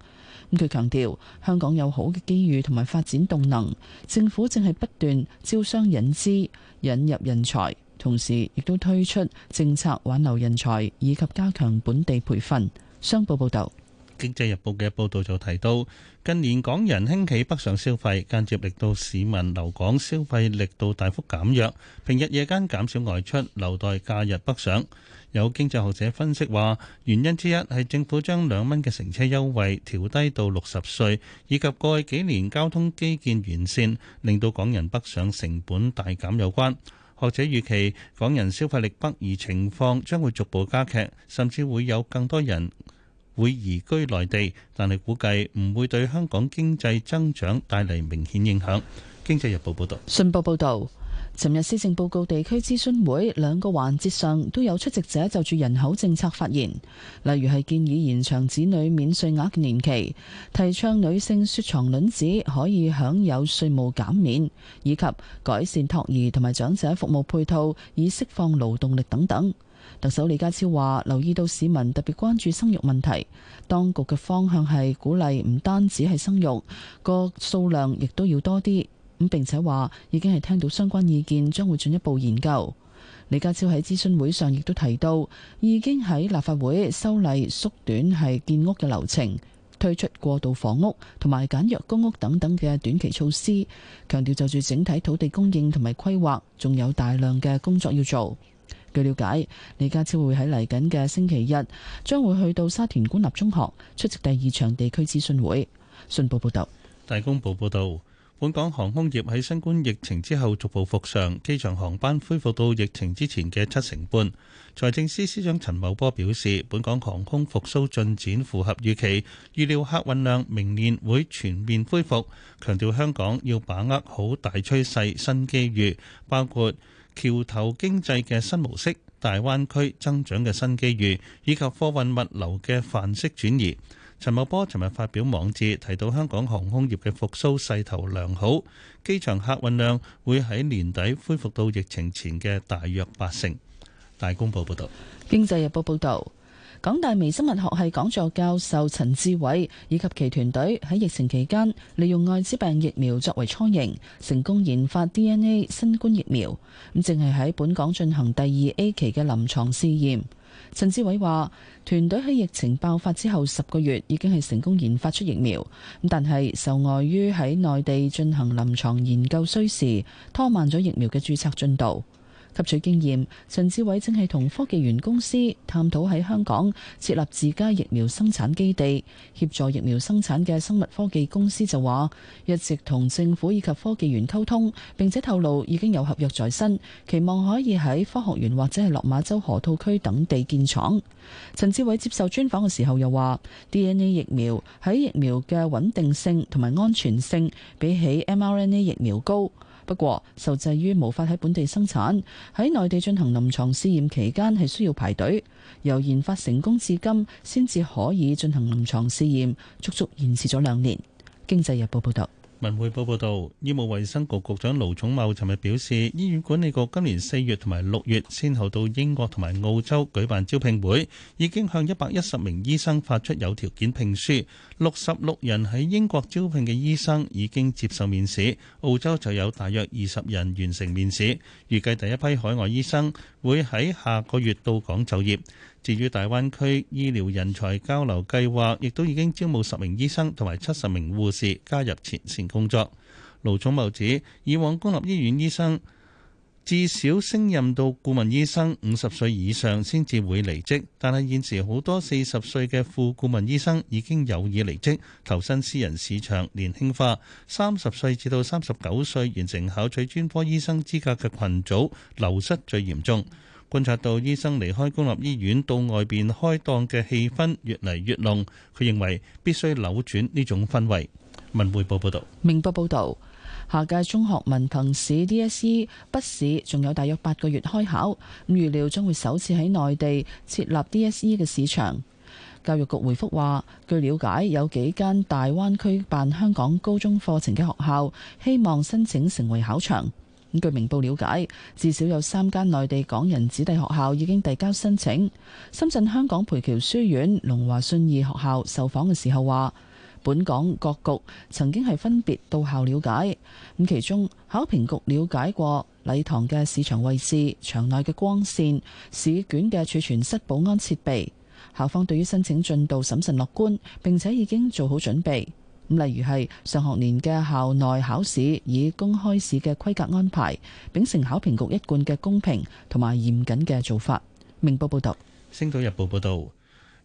佢強調香港有好嘅機遇同埋發展動能，政府正係不斷招商引資、引入人才，同時亦都推出政策挽留人才以及加強本地培訓。商報報導，《經濟日報》嘅報導就提到，近年港人興起北上消費，間接令到市民留港消費力度大幅減弱，平日夜間減少外出，留待假日北上。有經濟學者分析話，原因之一係政府將兩蚊嘅乘車優惠調低到六十歲，以及過去幾年交通基建完善，令到港人北上成本大減有關。學者預期，港人消費力北移情況將會逐步加劇，甚至會有更多人會移居內地，但係估計唔會對香港經濟增長帶嚟明顯影響。經濟日報報道。信報報道。昨日施政報告地區諮詢會兩個環節上都有出席者就住人口政策發言，例如係建議延長子女免稅額年期，提倡女性雪藏卵子可以享有稅務減免，以及改善托兒同埋長者服務配套，以釋放勞動力等等。特首李家超話：留意到市民特別關注生育問題，當局嘅方向係鼓勵唔單止係生育，個數量亦都要多啲。咁並且話已經係聽到相關意見，將會進一步研究。李家超喺諮詢會上亦都提到，已經喺立法會修例縮短係建屋嘅流程，推出過渡房屋同埋簡約公屋等等嘅短期措施。強調就住整體土地供應同埋規劃，仲有大量嘅工作要做。據了解，李家超會喺嚟緊嘅星期日，將會去到沙田官立中學出席第二場地區諮詢會。信報報道。大公報報導。本港航空業喺新冠疫情之後逐步復常，機場航班恢復到疫情之前嘅七成半。財政司司長陳茂波表示，本港航空復甦進展符合預期，預料客運量明年會全面恢復。強調香港要把握好大趨勢、新機遇，包括橋頭經濟嘅新模式、大灣區增長嘅新機遇，以及貨運物流嘅範式轉移。陳茂波尋日發表網誌，提到香港航空業嘅復甦勢頭良好，機場客運量會喺年底恢復到疫情前嘅大約八成。大公報報道，經濟日報報道，港大微生物學系講座教授陳志偉以及其團隊喺疫情期間，利用艾滋病疫苗作為雛形，成功研發 DNA 新冠疫苗，咁淨係喺本港進行第二 A 期嘅臨床試驗。陳志偉話：團隊喺疫情爆發之後十個月，已經係成功研發出疫苗，咁但係受礙於喺內地進行臨床研究需時，拖慢咗疫苗嘅注冊進度。吸取經驗，陳志偉正係同科技園公司探討喺香港設立自家疫苗生產基地，協助疫苗生產嘅生物科技公司就話一直同政府以及科技園溝通，並且透露已經有合約在身，期望可以喺科學園或者係落馬洲河套區等地建廠。陳志偉接受專訪嘅時候又話 ：DNA 疫苗喺疫苗嘅穩定性同埋安全性比起 mRNA 疫苗高。不過，受制於無法喺本地生產，喺內地進行臨床試驗期間係需要排隊。由研發成功至今，先至可以進行臨床試驗，足足延遲咗兩年。經濟日報報導。文匯報報道，醫務衛生局局長盧寵茂尋日表示，醫院管理局今年四月同埋六月先後到英國同埋澳洲舉辦招聘會，已經向一百一十名醫生發出有條件聘書，六十六人喺英國招聘嘅醫生已經接受面試，澳洲就有大約二十人完成面試，預計第一批海外醫生會喺下個月到港就業。至於大灣區醫療人才交流計劃，亦都已經招募十名醫生同埋七十名護士加入前線工作。盧寵茂指，以往公立醫院醫生至少升任到顧問醫生五十歲以上先至會離職，但係現時好多四十歲嘅副顧問醫生已經有意離職，投身私人市場，年輕化，三十歲至到三十九歲完成考取專科醫生資格嘅群組流失最嚴重。觀察到醫生離開公立醫院到外邊開檔嘅氣氛越嚟越濃，佢認為必須扭轉呢種氛圍。文匯報報道，明報報道，下屆中學文憑試 DSE 筆試仲有大約八個月開考，咁預料將會首次喺內地設立 DSE 嘅市場。教育局回覆話據了解有幾間大灣區辦香港高中課程嘅學校希望申請成為考場。據明報了解，至少有三間內地港人子弟學校已經遞交申請。深圳香港培僑書院、龍華信義學校受訪嘅時候話，本港各局曾經係分別到校了解。咁其中考評局了解過禮堂嘅市場位置、場內嘅光線、試卷嘅儲存室保安設備。校方對於申請進度審慎樂觀，並且已經做好準備。例如係上學年嘅校內考試，以公開試嘅規格安排，秉承考評局一貫嘅公平同埋嚴謹嘅做法。明報報道：「《星島日報》報道，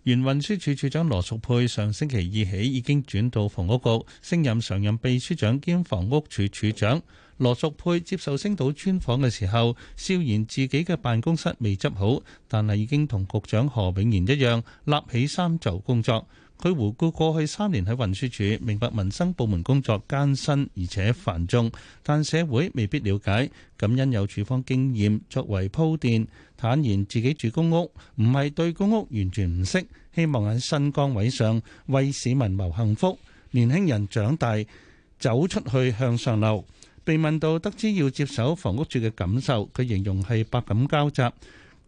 原運輸處處長羅淑佩上星期二起已經轉到房屋局，升任常任秘書長兼房屋處處長。羅淑佩接受星島專訪嘅時候，笑言自己嘅辦公室未執好，但係已經同局長何永賢一樣立起衫袖工作。佢回顧過去三年喺運輸署，明白民生部門工作艱辛而且繁重，但社會未必瞭解。感恩有處方經驗作為鋪墊，坦言自己住公屋，唔係對公屋完全唔識。希望喺新崗位上為市民謀幸福。年輕人長大走出去向上流。被問到得知要接手房屋住嘅感受，佢形容係百感交集。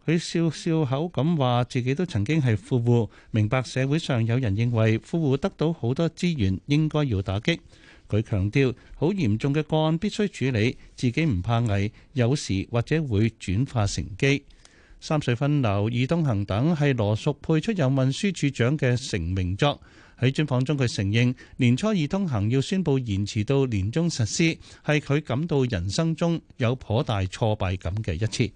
佢笑笑口咁話：自己都曾經係富戶，明白社會上有人認為富戶得到好多資源應該要打擊。佢強調：好嚴重嘅個案必須處理，自己唔怕危，有時或者會轉化成機。三隧分流、易通行等係羅淑佩出任運輸署署長嘅成名作。喺專訪中，佢承認年初易通行要宣佈延遲到年終實施，係佢感到人生中有頗大挫敗感嘅一次。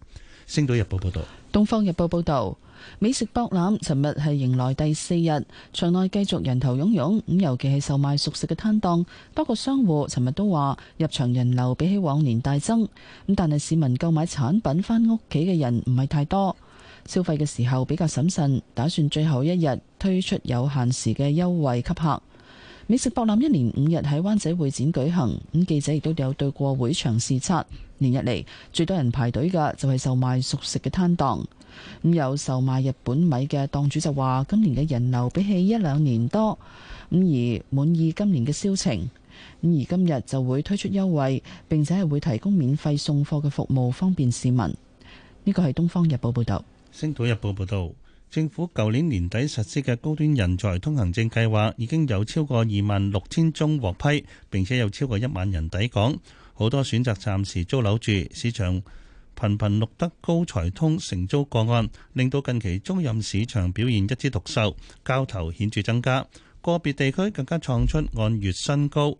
星島日報報導。《東方日報》報道，美食博覽尋日係迎來第四日，場內繼續人頭湧湧。咁尤其係售賣熟食嘅攤檔，多個商戶尋日都話，入場人流比起往年大增。咁但係市民購買產品返屋企嘅人唔係太多，消費嘅時候比較審慎，打算最後一日推出有限時嘅優惠給客。美食博覽一連五日喺灣仔會展舉行，咁記者亦都有對過會場視察。年日嚟最多人排隊嘅就係售賣熟食嘅攤檔，咁、嗯、有售賣日本米嘅檔主就話：今年嘅人流比起一兩年多，咁、嗯、而滿意今年嘅銷情，咁、嗯、而今日就會推出優惠，並且係會提供免費送貨嘅服務，方便市民。呢個係《東方日報》報導，《星島日報》報導，政府舊年年底實施嘅高端人才通行證計劃已經有超過二萬六千宗獲批，並且有超過一萬人抵港。好多選擇暫時租樓住，市場頻頻錄得高才通承租個案，令到近期租賃市場表現一枝獨秀，交投顯著增加。個別地區更加創出按月新高。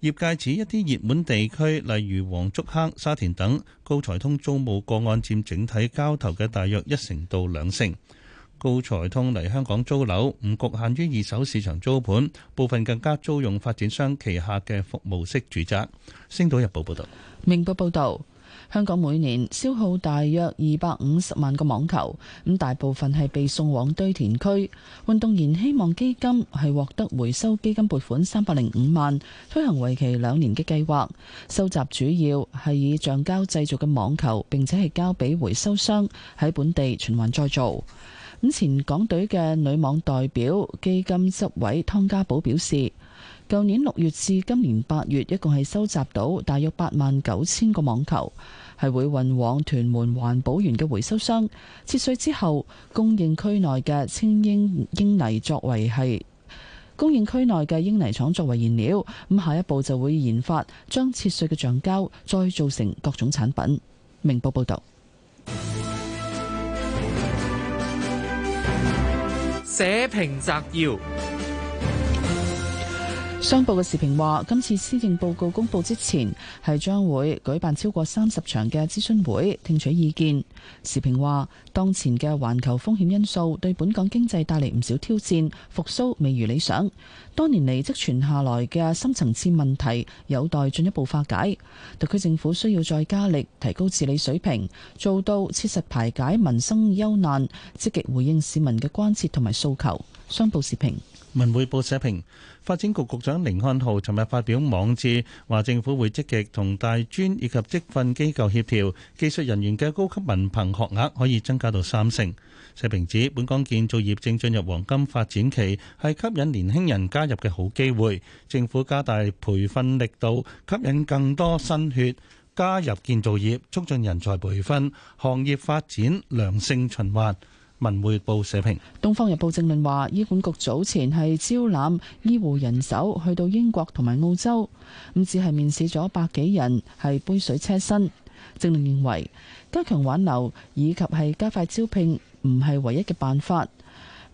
業界指一啲熱門地區，例如黃竹坑、沙田等，高才通租務個案佔整體交投嘅大約一成到兩成。高才通嚟香港租樓，唔局限於二手市場租盤，部分更加租用發展商旗下嘅服務式住宅。星島日報報道：「明報報道，香港每年消耗大約二百五十萬個網球，咁大部分係被送往堆填區。運動員希望基金係獲得回收基金撥款三百零五萬，推行為期兩年嘅計劃，收集主要係以橡膠製造嘅網球，並且係交俾回收商喺本地循環再造。咁前港隊嘅女網代表基金執委湯家寶表示，舊年六月至今年八月，一共係收集到大約八萬九千個網球，係會運往屯門環保園嘅回收箱，切碎之後供應區內嘅青英英泥作為係供應區內嘅英泥廠作為原料。咁下一步就會研發將切碎嘅橡膠再做成各種產品。明報報道。寫評摘要。商報嘅時評話：今次施政報告公布之前，係將會舉辦超過三十場嘅諮詢會，聽取意見。時評話：當前嘅環球風險因素對本港經濟帶嚟唔少挑戰，復蘇未如理想。多年嚟積存下來嘅深層次問題，有待進一步化解。特區政府需要再加力，提高治理水平，做到切實排解民生憂難，積極回應市民嘅關切同埋訴求。商報時評，文匯報社評。發展局局長甯漢豪尋日發表網誌，話政府會積極同大專以及職訓機構協調技術人員嘅高級文憑學額，可以增加到三成。社評指本港建造業正進入黃金發展期，係吸引年輕人加入嘅好機會。政府加大培訓力度，吸引更多新血加入建造業，促進人才培訓行業發展良性循環。文匯報社評：東方日報正論話，醫管局早前係招攬醫護人手去到英國同埋澳洲，咁只係面試咗百幾人，係杯水車薪。正論認為加強挽留以及係加快招聘唔係唯一嘅辦法，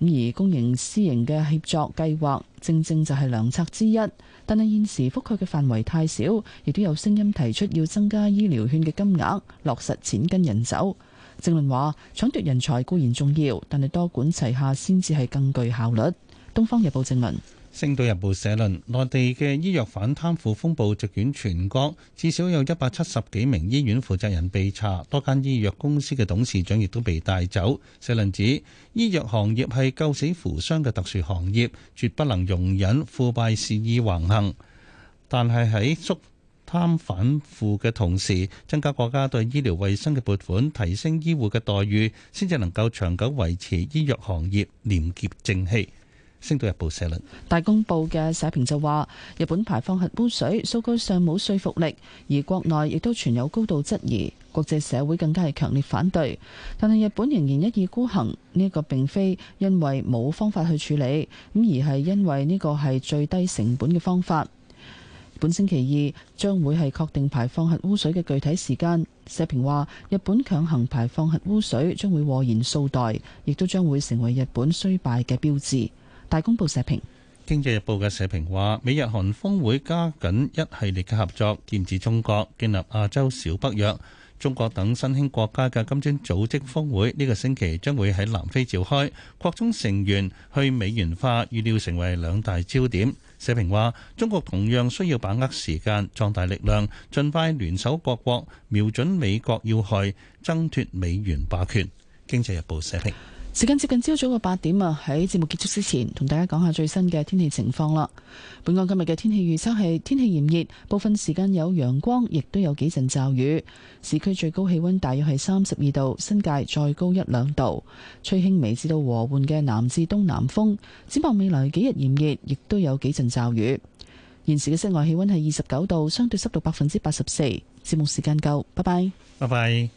咁而公營私營嘅協作計劃正正就係良策之一，但係現時覆蓋嘅範圍太少，亦都有聲音提出要增加醫療券嘅金額，落實錢跟人走。正論話搶奪人才固然重要，但係多管齊下先至係更具效率。東方日報正論，星島日報社論，內地嘅醫藥反貪腐風暴席捲全國，至少有一百七十幾名醫院負責人被查，多間醫藥公司嘅董事長亦都被帶走。社論指醫藥行業係救死扶傷嘅特殊行業，絕不能容忍腐敗肆意橫行。但係喺縮。貪反腐嘅同時，增加國家對醫療衛生嘅撥款，提升醫護嘅待遇，先至能夠長久維持醫藥行業廉潔正氣。星島日報社論，大公報嘅社評就話：日本排放核污水數據上冇說服力，而國內亦都存有高度質疑，國際社會更加係強烈反對。但係日本仍然一意孤行，呢、這、一個並非因為冇方法去處理，咁而係因為呢個係最低成本嘅方法。本星期二將會係確定排放核污水嘅具體時間。社評話：日本強行排放核污水將會禍延數代，亦都將會成為日本衰敗嘅標誌。大公報社評，《經濟日報》嘅社評話：美日韓峰會加緊一系列嘅合作，劍指中國，建立亞洲小北約。中國等新興國家嘅金磚組織峰會呢、這個星期將會喺南非召開，擴充成員去美元化預料成為兩大焦點。社評話：中國同樣需要把握時間，壯大力量，盡快聯手各國，瞄準美國要害，爭奪美元霸權。經濟日報社評。時間接近朝早嘅八點啊，喺節目結束之前，同大家講下最新嘅天氣情況啦。本港今日嘅天氣預測係天氣炎熱，部分時間有陽光，亦都有幾陣驟雨。市區最高氣溫大約係三十二度，新界再高一兩度。吹輕微至到和緩嘅南至東南風。展望未來幾日炎熱，亦都有幾陣驟雨。現時嘅室外氣溫係二十九度，相對濕度百分之八十四。節目時間夠，拜拜，拜拜。